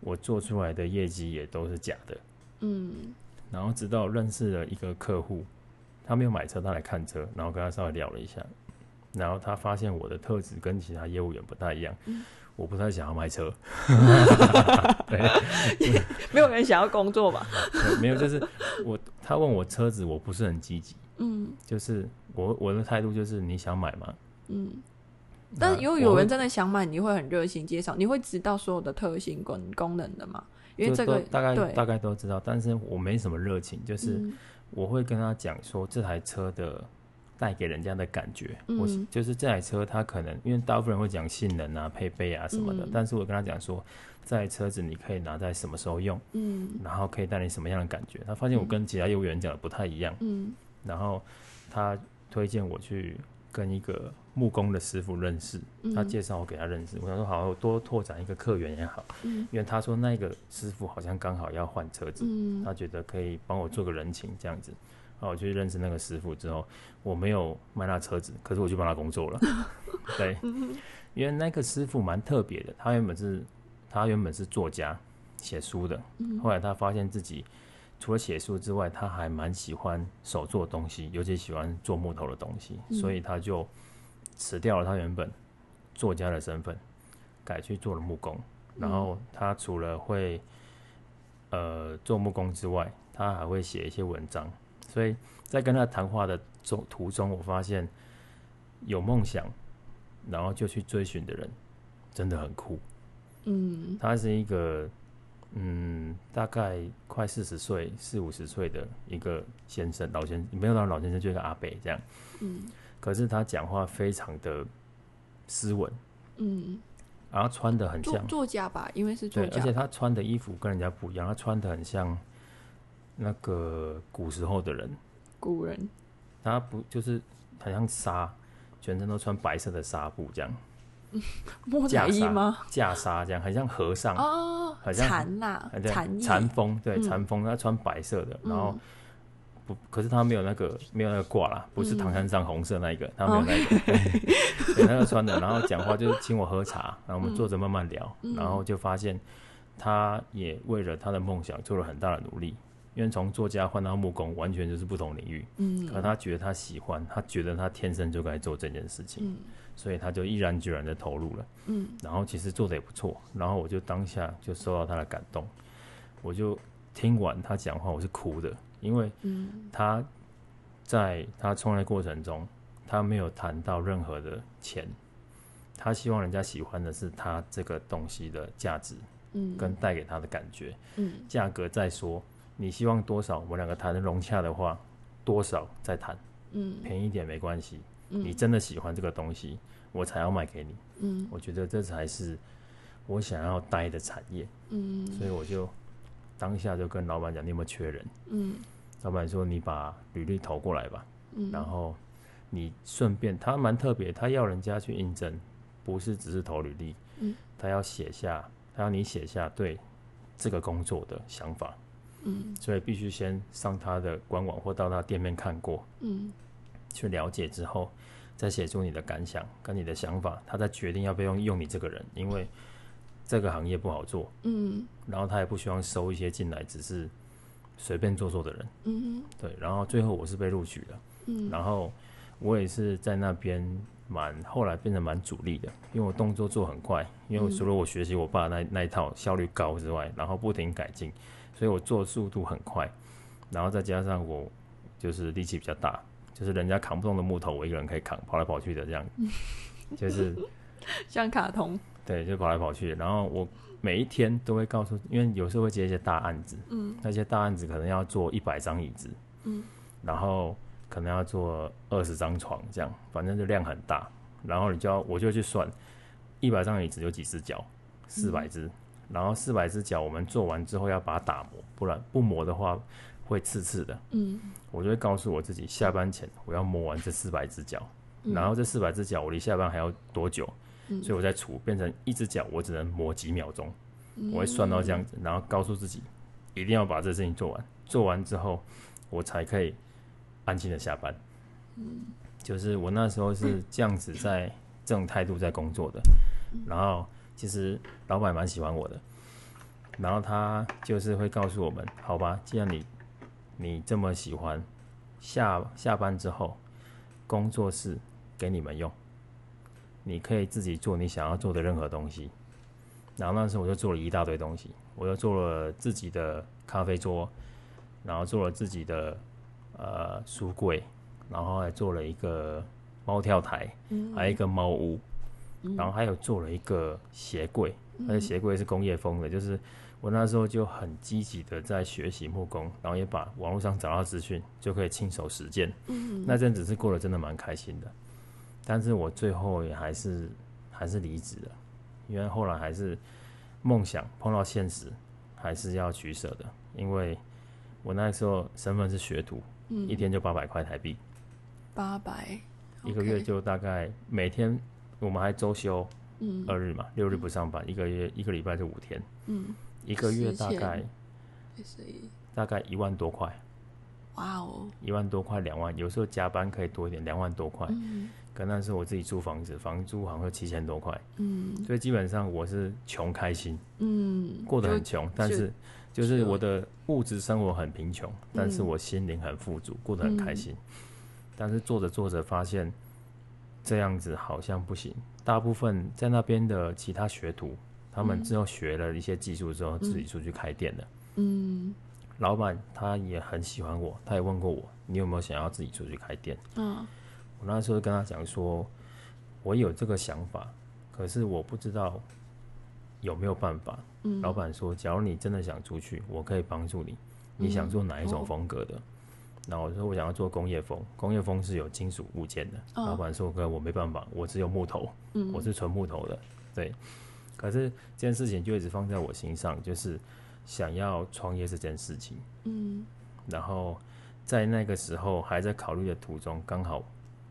我做出來的業績也都是假的。嗯，然後直到認識了一個客戶，他沒有買車，他來看車，然後跟他稍微聊了一下，然後他發現我的特質跟其他業務員不太一樣，嗯、我不太想要賣車。 對，yeah, 沒有人想要工作吧？ 沒有，就是我他問我車子，我不是很積極。嗯，就是我我的態度就是你想買嗎？嗯，但是如果有人真的想買，你會很熱心介紹，你會知道所有的特性功功能的嘛？因為這個大概大概都知道，但是我沒什麼熱情，就是我會跟他講說這台車的帶給人家的感覺，嗯、我就是這台車他可能因為大部分人會講性能啊、配備啊什麼的，嗯、但是我跟他講說這台車子你可以拿在什麼時候用，嗯，然後可以帶你什麼樣的感覺，嗯、他發現我跟其他業務員講的不太一樣，嗯。嗯然後他推薦我去跟一個木工的師傅認識，嗯、他介紹我給他認識。我想說，好，多拓展一個客源也好、嗯。因為他說那個師傅好像剛好要換車子，嗯、他覺得可以幫我做個人情這樣子、嗯。然後我去認識那個師傅之後，我沒有賣他車子，可是我去幫他工作了。 對，因為那個師傅蠻特別的，他原本是他原本是作家，寫書的，嗯、後來他發現自己。除了寫書之外，他還蠻喜歡手做東西，尤其喜歡做木頭的東西，嗯、所以他就辭掉了他原本作家的身份，改去做了木工。然後他除了會、嗯、呃做木工之外，他還會寫一些文章。所以在跟他談話的中途中，我發現有夢想，然後就去追尋的人真的很酷。嗯，他是一個。嗯，大概快四十歲、四五十歲的一個先生，老先生沒有當老先生，就是阿北這樣。嗯，可是他講話非常的斯文，嗯，然後他穿的很像作家吧，因為是作家，對，而且他穿的衣服跟人家不一樣，他穿的很像那個古時候的人，古人，他不就是他像紗，全身都穿白色的紗布這樣。假奈伊嗎？袈裟這樣，很像和尚、哦、像啊，好像禪吶，禪衣、禪風，對，禪、嗯、風。他穿白色的，然後不，可是他沒有那個，沒有那個掛啦。不是唐三藏紅色那一個、嗯，他沒有那個，嗯、 對他要穿的。然後講話就是請我喝茶，然後我們坐着慢慢聊、嗯，然後就發現他也為了他的夢想做了很大的努力。因為從作家換到木工，完全就是不同領域。嗯，可他覺得他喜歡，他覺得他天生就該做這件事情，嗯，所以他就毅然決然的投入了，嗯。然後其實做的也不錯。然後我就當下就收到他的感動，我就聽完他講話，我是哭的，因為他在他創業過程中，他沒有談到任何的錢，他希望人家喜歡的是他這個東西的價值，跟帶給他的感覺，嗯嗯、價格再說。你希望多少？我兩個談的融洽的話，多少再談。嗯，便宜一點沒關係。嗯，你真的喜歡這個東西，我才要賣給你。嗯，我覺得這才是我想要待的產業。嗯，所以我就當下就跟老闆講：“你有沒有缺人？”嗯，老闆說：“你把履歷投過來吧。”嗯，然後你順便，他蠻特別，他要人家去應徵，不是只是投履歷。嗯，他要寫下，他要你寫下對這個工作的想法。嗯，所以必須先上他的官網或到他店面看過，嗯，去了解之後，再寫出你的感想跟你的想法，他再決定要不要用、嗯、用你這個人，因為這個行業不好做，嗯，然後他也不希望收一些進來只是隨便做做的人，嗯哼，對，然後最後我是被錄取的。嗯，然後我也是在那邊蠻後來變得蠻主力的，因為我動作做很快，因為除了我學習我爸那那一套效率高之外，然後不停改進。所以我做速度很快，然後再加上我就是力氣比較大，就是人家扛不動的木頭，我一個人可以扛，跑來跑去的這樣，嗯、就是像卡通，對，就跑來跑去。然後我每一天都會告訴，因為有時候會接一些大案子，嗯，那些大案子可能要做一百張椅子，嗯，然後可能要做二十張床，這樣反正就量很大。然後你就要我就去算，一百張椅子有幾隻腳，四百隻。嗯然後四百隻腳，我們做完之後要把它打磨，不然不磨的話會刺刺的。嗯，我就會告訴我自己，下班前我要磨完這四百隻腳，嗯。然後這四百隻腳，我離下班還要多久？嗯？所以我在除，變成一隻腳我只能磨幾秒鐘。嗯、我會算到這樣子，然後告訴自己一定要把這事情做完。做完之後，我才可以安靜的下班。嗯，就是我那時候是這樣子在、嗯、這種態度在工作的，然後。其實老闆蠻喜歡我的，然後他就是會告訴我們，好吧，既然你你這麼喜歡，下下班之後工作室給你們用，你可以自己做你想要做的任何東西。然後那時候我就做了一大堆東西，我又做了自己的咖啡桌，然後做了自己的呃書櫃，然後還做了一個貓跳台，還有一個貓屋。然後還有做了一個鞋櫃，那、嗯、個鞋櫃是工業風的、嗯，就是我那時候就很積極的在學習木工，然後也把網絡上找到資訊就可以親手實踐嗯嗯。那陣子是過得真的蠻開心的，嗯、但是我最後也還是還是離職了，因為後來還是夢想碰到現實還是要取舍的，因為我那時候身份是學徒，嗯、一天就八百塊台幣，八百，一個月就大概每天。我們還周休二日嘛、嗯，六日不上班，嗯、一個月一個禮拜就五天、嗯，一個月大概，大概一萬多塊，哇哦，一萬多塊兩萬，有時候加班可以多一點，兩萬多塊、嗯，可是那時候我自己租房子，房租好像七千多塊、嗯，所以基本上我是窮開心、嗯，過得很窮，但是就是我的物質生活很貧窮、嗯，但是我心靈很富足，過得很開心，嗯、但是做着做着發現。這樣子好像不行。大部分在那邊的其他學徒、嗯，他們之後學了一些技術之後，自己出去開店的。嗯，嗯，老闆他也很喜歡我，他也問過我，你有沒有想要自己出去開店？哦、我那時候跟他講說，我有這個想法，可是我不知道有沒有辦法。嗯、老闆說，假如你真的想出去，我可以幫助你、嗯。你想做哪一種風格的？哦那我說我想要做工業風，工業風是有金屬物件的。老、oh. 板說：“哥，我沒辦法，我只有木頭，嗯、我是純木頭的。”對。可是這件事情就一直放在我心上，就是想要創業這件事情。嗯。然後在那個時候還在考慮的途中，剛好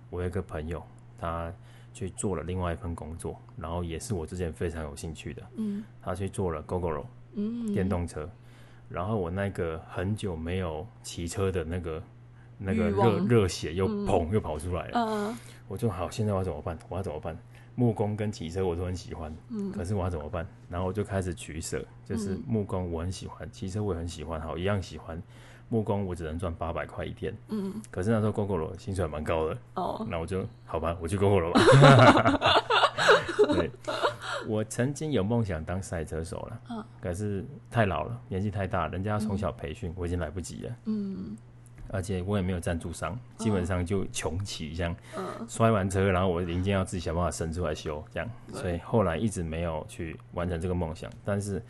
我有一個朋友他去做了另外一份工作，然後也是我之前非常有興趣的。嗯。他去做了 Gogoro，、嗯、電動車。然後我那個很久沒有騎車的那個那個熱熱血又砰、嗯、又跑出來了、呃，我就好，現在我要怎麼辦？我要怎麼辦？木工跟騎車我都很喜歡、嗯，可是我要怎麼辦？然後我就開始取捨，就是木工我很喜歡，騎車我也很喜歡，好一樣喜歡。木工我只能賺八百塊一天、嗯，可是那時候 Gogoro 薪水還蠻高的，那我就好吧，我去 Gogoro 吧。我曾經有夢想當賽車手了、哦，可是太老了，年紀太大了，人家從小培訓、嗯，我已經來不及了，嗯、而且我也沒有贊助商、哦，基本上就窮騎這樣，摔完車，然後我零件要自己想辦法生出來修，這樣，所以後來一直沒有去完成這個夢想。但是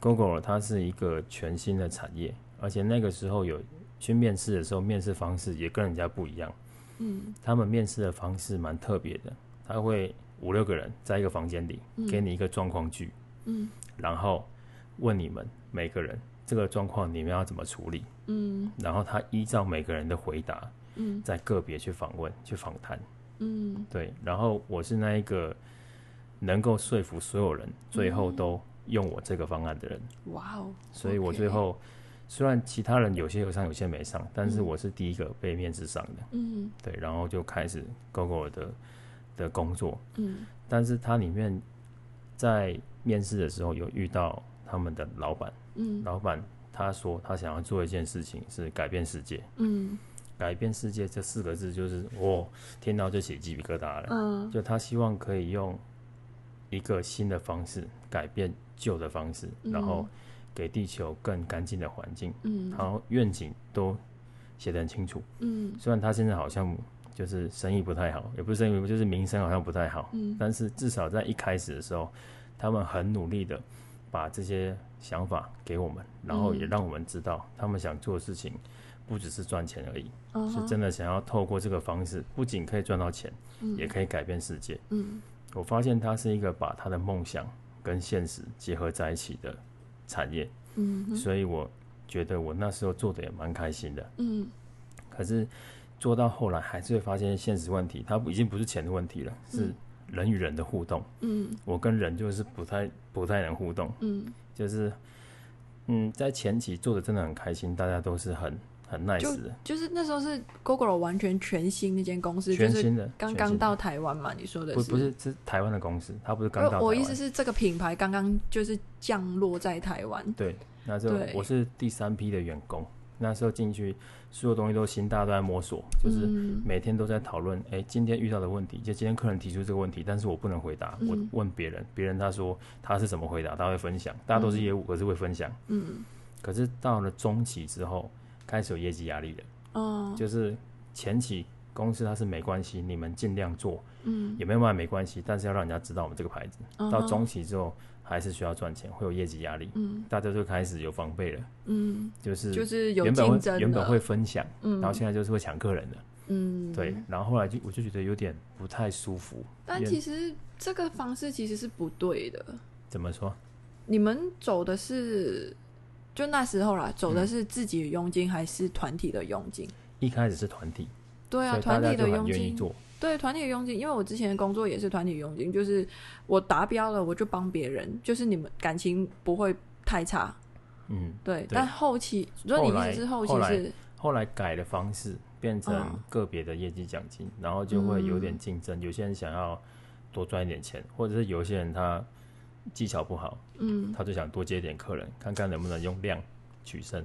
Google 它是一個全新的產業，而且那個時候有去面試的時候，面試方式也跟人家不一樣，嗯、他們面試的方式蠻特別的，他會。五六個人在一個房間裡，給你一個狀況劇，然後問你們每個人這個狀況，你們要怎麼處理？然後他依照每個人的回答，再個別去訪問去訪談，對。然後我是那一個能夠說服所有人，最後都用我這個方案的人。哇，所以我最後雖然其他人有些有上，有些沒上，但是我是第一個被面試上的。對。然後就開始勾勾我的。的工作，嗯，但是他裡面在面試的時候有遇到他們的老闆，嗯，老闆他說他想要做一件事情是改變世界，嗯，改變世界這四個字就是我聽到就起雞皮疙瘩了，嗯，呃，就他希望可以用一個新的方式改變舊的方式，嗯，然後給地球更乾淨的環境，嗯，然後願景都寫得很清楚，嗯，雖然他現在好像。就是生意不太好，也不是生意不好，就是名聲好像不太好，嗯。但是至少在一開始的時候，他們很努力的把這些想法給我們，然後也讓我們知道，他們想做的事情不只是賺錢而已，嗯，是真的想要透過這個方式，不僅可以賺到錢，嗯，也可以改變世界。嗯，我發現它是一個把他的夢想跟現實結合在一起的產業。嗯，所以我覺得我那時候做的也蠻開心的。嗯，可是。做到後來還是會發現現實問題，它已經不是錢的問題了，嗯、是人與人的互動。嗯，我跟人就是不太不太能互動。嗯，就是嗯，在前期做得真的很開心，大家都是很很 nice 的。就就是那時候是 Google 完全全新那間公司，全新的，剛剛到台灣嘛？你說的是不，不是是台灣的公司？他不是剛到台灣。我意思是這個品牌剛剛就是降落在台灣。對，那就對我是第三批的員工。那時候進去，所有東西都新，大家都在摸索，就是每天都在討論。哎、嗯欸，今天遇到的問題，就今天客人提出這個問題，但是我不能回答，嗯、我問別人，別人他說他是怎麼回答，他會分享。大家都是業務、嗯，可是會分享嗯。嗯，可是到了中期之後，開始有業績壓力的哦，就是前期公司他是沒關係，你們盡量做，嗯，也沒有賣沒關係，但是要讓人家知道我們這個牌子。哦、到中期之後。還是需要賺錢，會有業績壓力，嗯，大家就開始有防備了，嗯，就是就是原本有競爭，原本會分享，嗯，然後現在就是會搶客人的，嗯，對，然後後來就我就覺得有點不太舒服。但其實這個方式其實是不對的。怎麼說？你們走的是就那時候啦，走的是自己的佣金還是團體的佣金？嗯，一開始是團體。對啊，團體的佣金。對團體佣金，因為我之前的工作也是團體佣金，就是我達標了，我就幫別人，就是你們感情不會太差。嗯，對。對但後期所以你意思是後期是，後來，後來改的方式變成個別的業績獎金，哦，然後就會有點競爭，嗯。有些人想要多賺一點錢，或者是有些人他技巧不好，嗯，他就想多接一點客人，看看能不能用量取勝，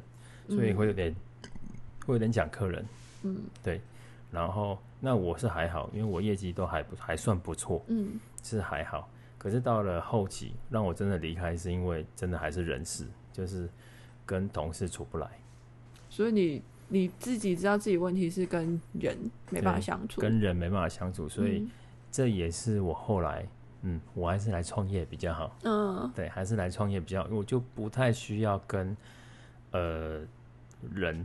所以會有點、嗯、會有點搶客人。嗯，對，然後。那我是還好，因為我業績都還不還算不錯，嗯，是還好。可是到了後期，讓我真的離開，是因為真的還是人事，就是跟同事處不來。所以你你自己知道自己問題是跟人沒辦法相處，跟人沒辦法相處，所以這也是我後來，嗯，嗯，我還是來創業比較好。嗯，對，還是來創業比較好，我就不太需要跟呃人，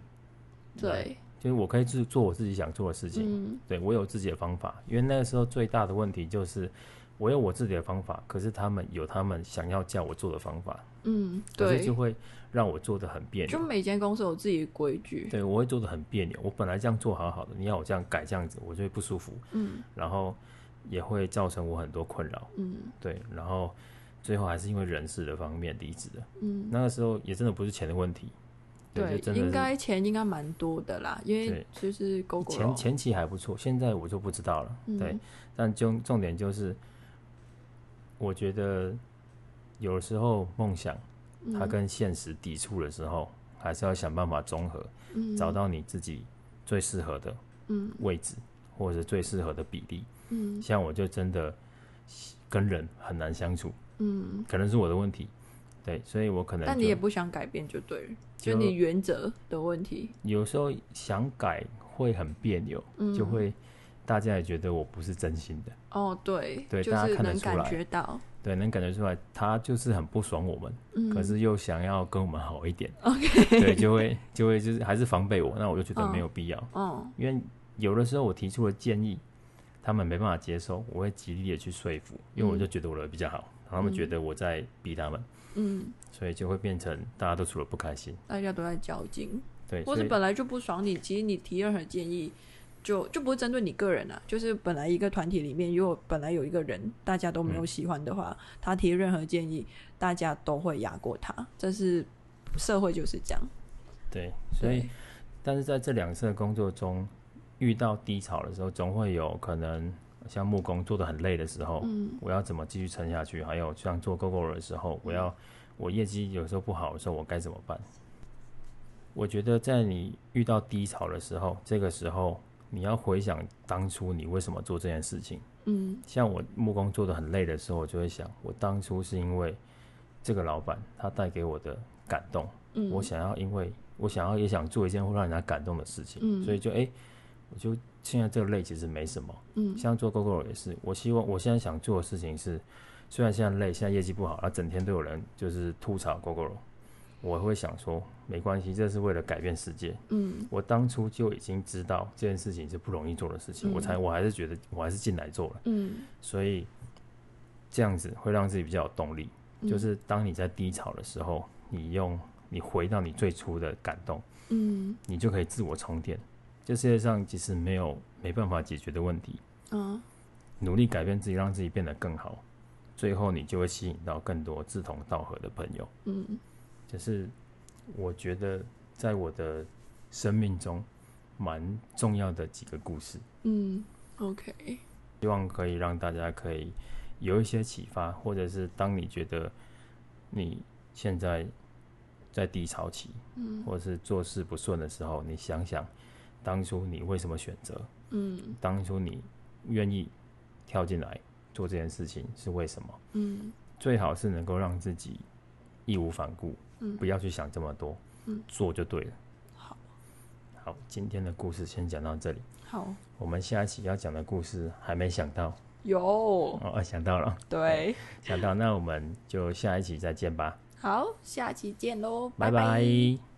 對。所以我可以做做我自己想做的事情，嗯，對，我有自己的方法，因為那個時候最大的問題就是我有我自己的方法，可是他們有他們想要叫我做的方法，嗯，對，所以就會讓我做的很別扭。就每間公司有自己的規矩，對，我會做的很別扭。我本來這樣做好好的，你要我這樣改這樣子，我就會不舒服，嗯，然後也會造成我很多困擾，嗯，對，然後最後還是因為人事的方面離職的，嗯，那個時候也真的不是錢的問題。對，真的對，應該錢應該蠻多的啦，因為就是狗狗。前前期還不錯，現在我就不知道了。嗯、對，但就重點就是，我覺得有時候夢想它跟現實抵觸的時候，還是要想辦法綜合、嗯，找到你自己最適合的位置或者最適合的比例嗯。嗯，像我就真的跟人很難相處，嗯，可能是我的問題，對，所以我可能但你也不想改變就對了。就，就你原則的問題，有時候想改會很彆扭，嗯，就會大家也覺得我不是真心的。哦，對，對，就是、大家看得出來，能對能感覺出來，他就是很不爽我們，嗯，可是又想要跟我們好一點。嗯、對，就會就會就是還是防備我，那我就覺得沒有必要。嗯，因為有的時候我提出了建議，他們沒辦法接受，我會極力的去說服，因為我就覺得我的比較好，嗯、他們覺得我在逼他們。嗯，所以就會變成大家都除了不開心，大家都在較勁。對，或者本來就不爽你，其實你提任何建議就，就就不是針對你個人啊。就是本來一個團體裡面，如果本來有一個人大家都沒有喜歡的話，嗯、他提任何建議，大家都會壓過他。這是社會就是這樣。對，所以但是在這兩次的工作中遇到低潮的時候，總會有可能。像木工做的很累的時候，嗯，我要怎麼繼續撐下去？還有像做狗狗的時候，我要我業績有時候不好的時候，我該怎麼辦？我覺得在你遇到低潮的時候，這個時候你要回想當初你為什麼做這件事情。嗯，像我木工做的很累的時候，我就會想，我當初是因為這個老闆他帶給我的感動，嗯，我想要，因為我想要也想做一件會讓人家感動的事情，嗯，所以就哎。欸就現在這個累其實沒什麼，嗯，像做 Gogoro 也是。我希望我現在想做的事情是，雖然現在累，現在業績不好，啊，整天都有人就是吐槽 Gogoro，我會想說沒關係，這是為了改變世界。嗯，我當初就已經知道這件事情是不容易做的事情，嗯、我才我還是覺得我還是進來做了。嗯，所以這樣子會讓自己比較有動力，嗯，就是當你在低潮的時候，你用你回到你最初的感動，嗯，你就可以自我充電。這世界上其實沒有沒辦法解決的問題，啊。努力改變自己，讓自己變得更好，最後你就會吸引到更多志同道合的朋友。嗯，就是我覺得在我的生命中蠻重要的幾個故事。嗯，OK，希望可以讓大家可以有一些啟發，或者是當你覺得你現在在低潮期，嗯，或者是做事不順的時候，你想想。當初你為什麼選擇？嗯，當初你願意跳進來做這件事情是為什麼？嗯，最好是能夠讓自己義無反顧，嗯，不要去想這麼多，嗯，做就對了。好，好，今天的故事先講到這裡。好，我們下一期要講的故事還沒想到。有哦，想到了。對，想到 那我們就下一期再見吧。好，下期見嘍，拜拜。拜拜。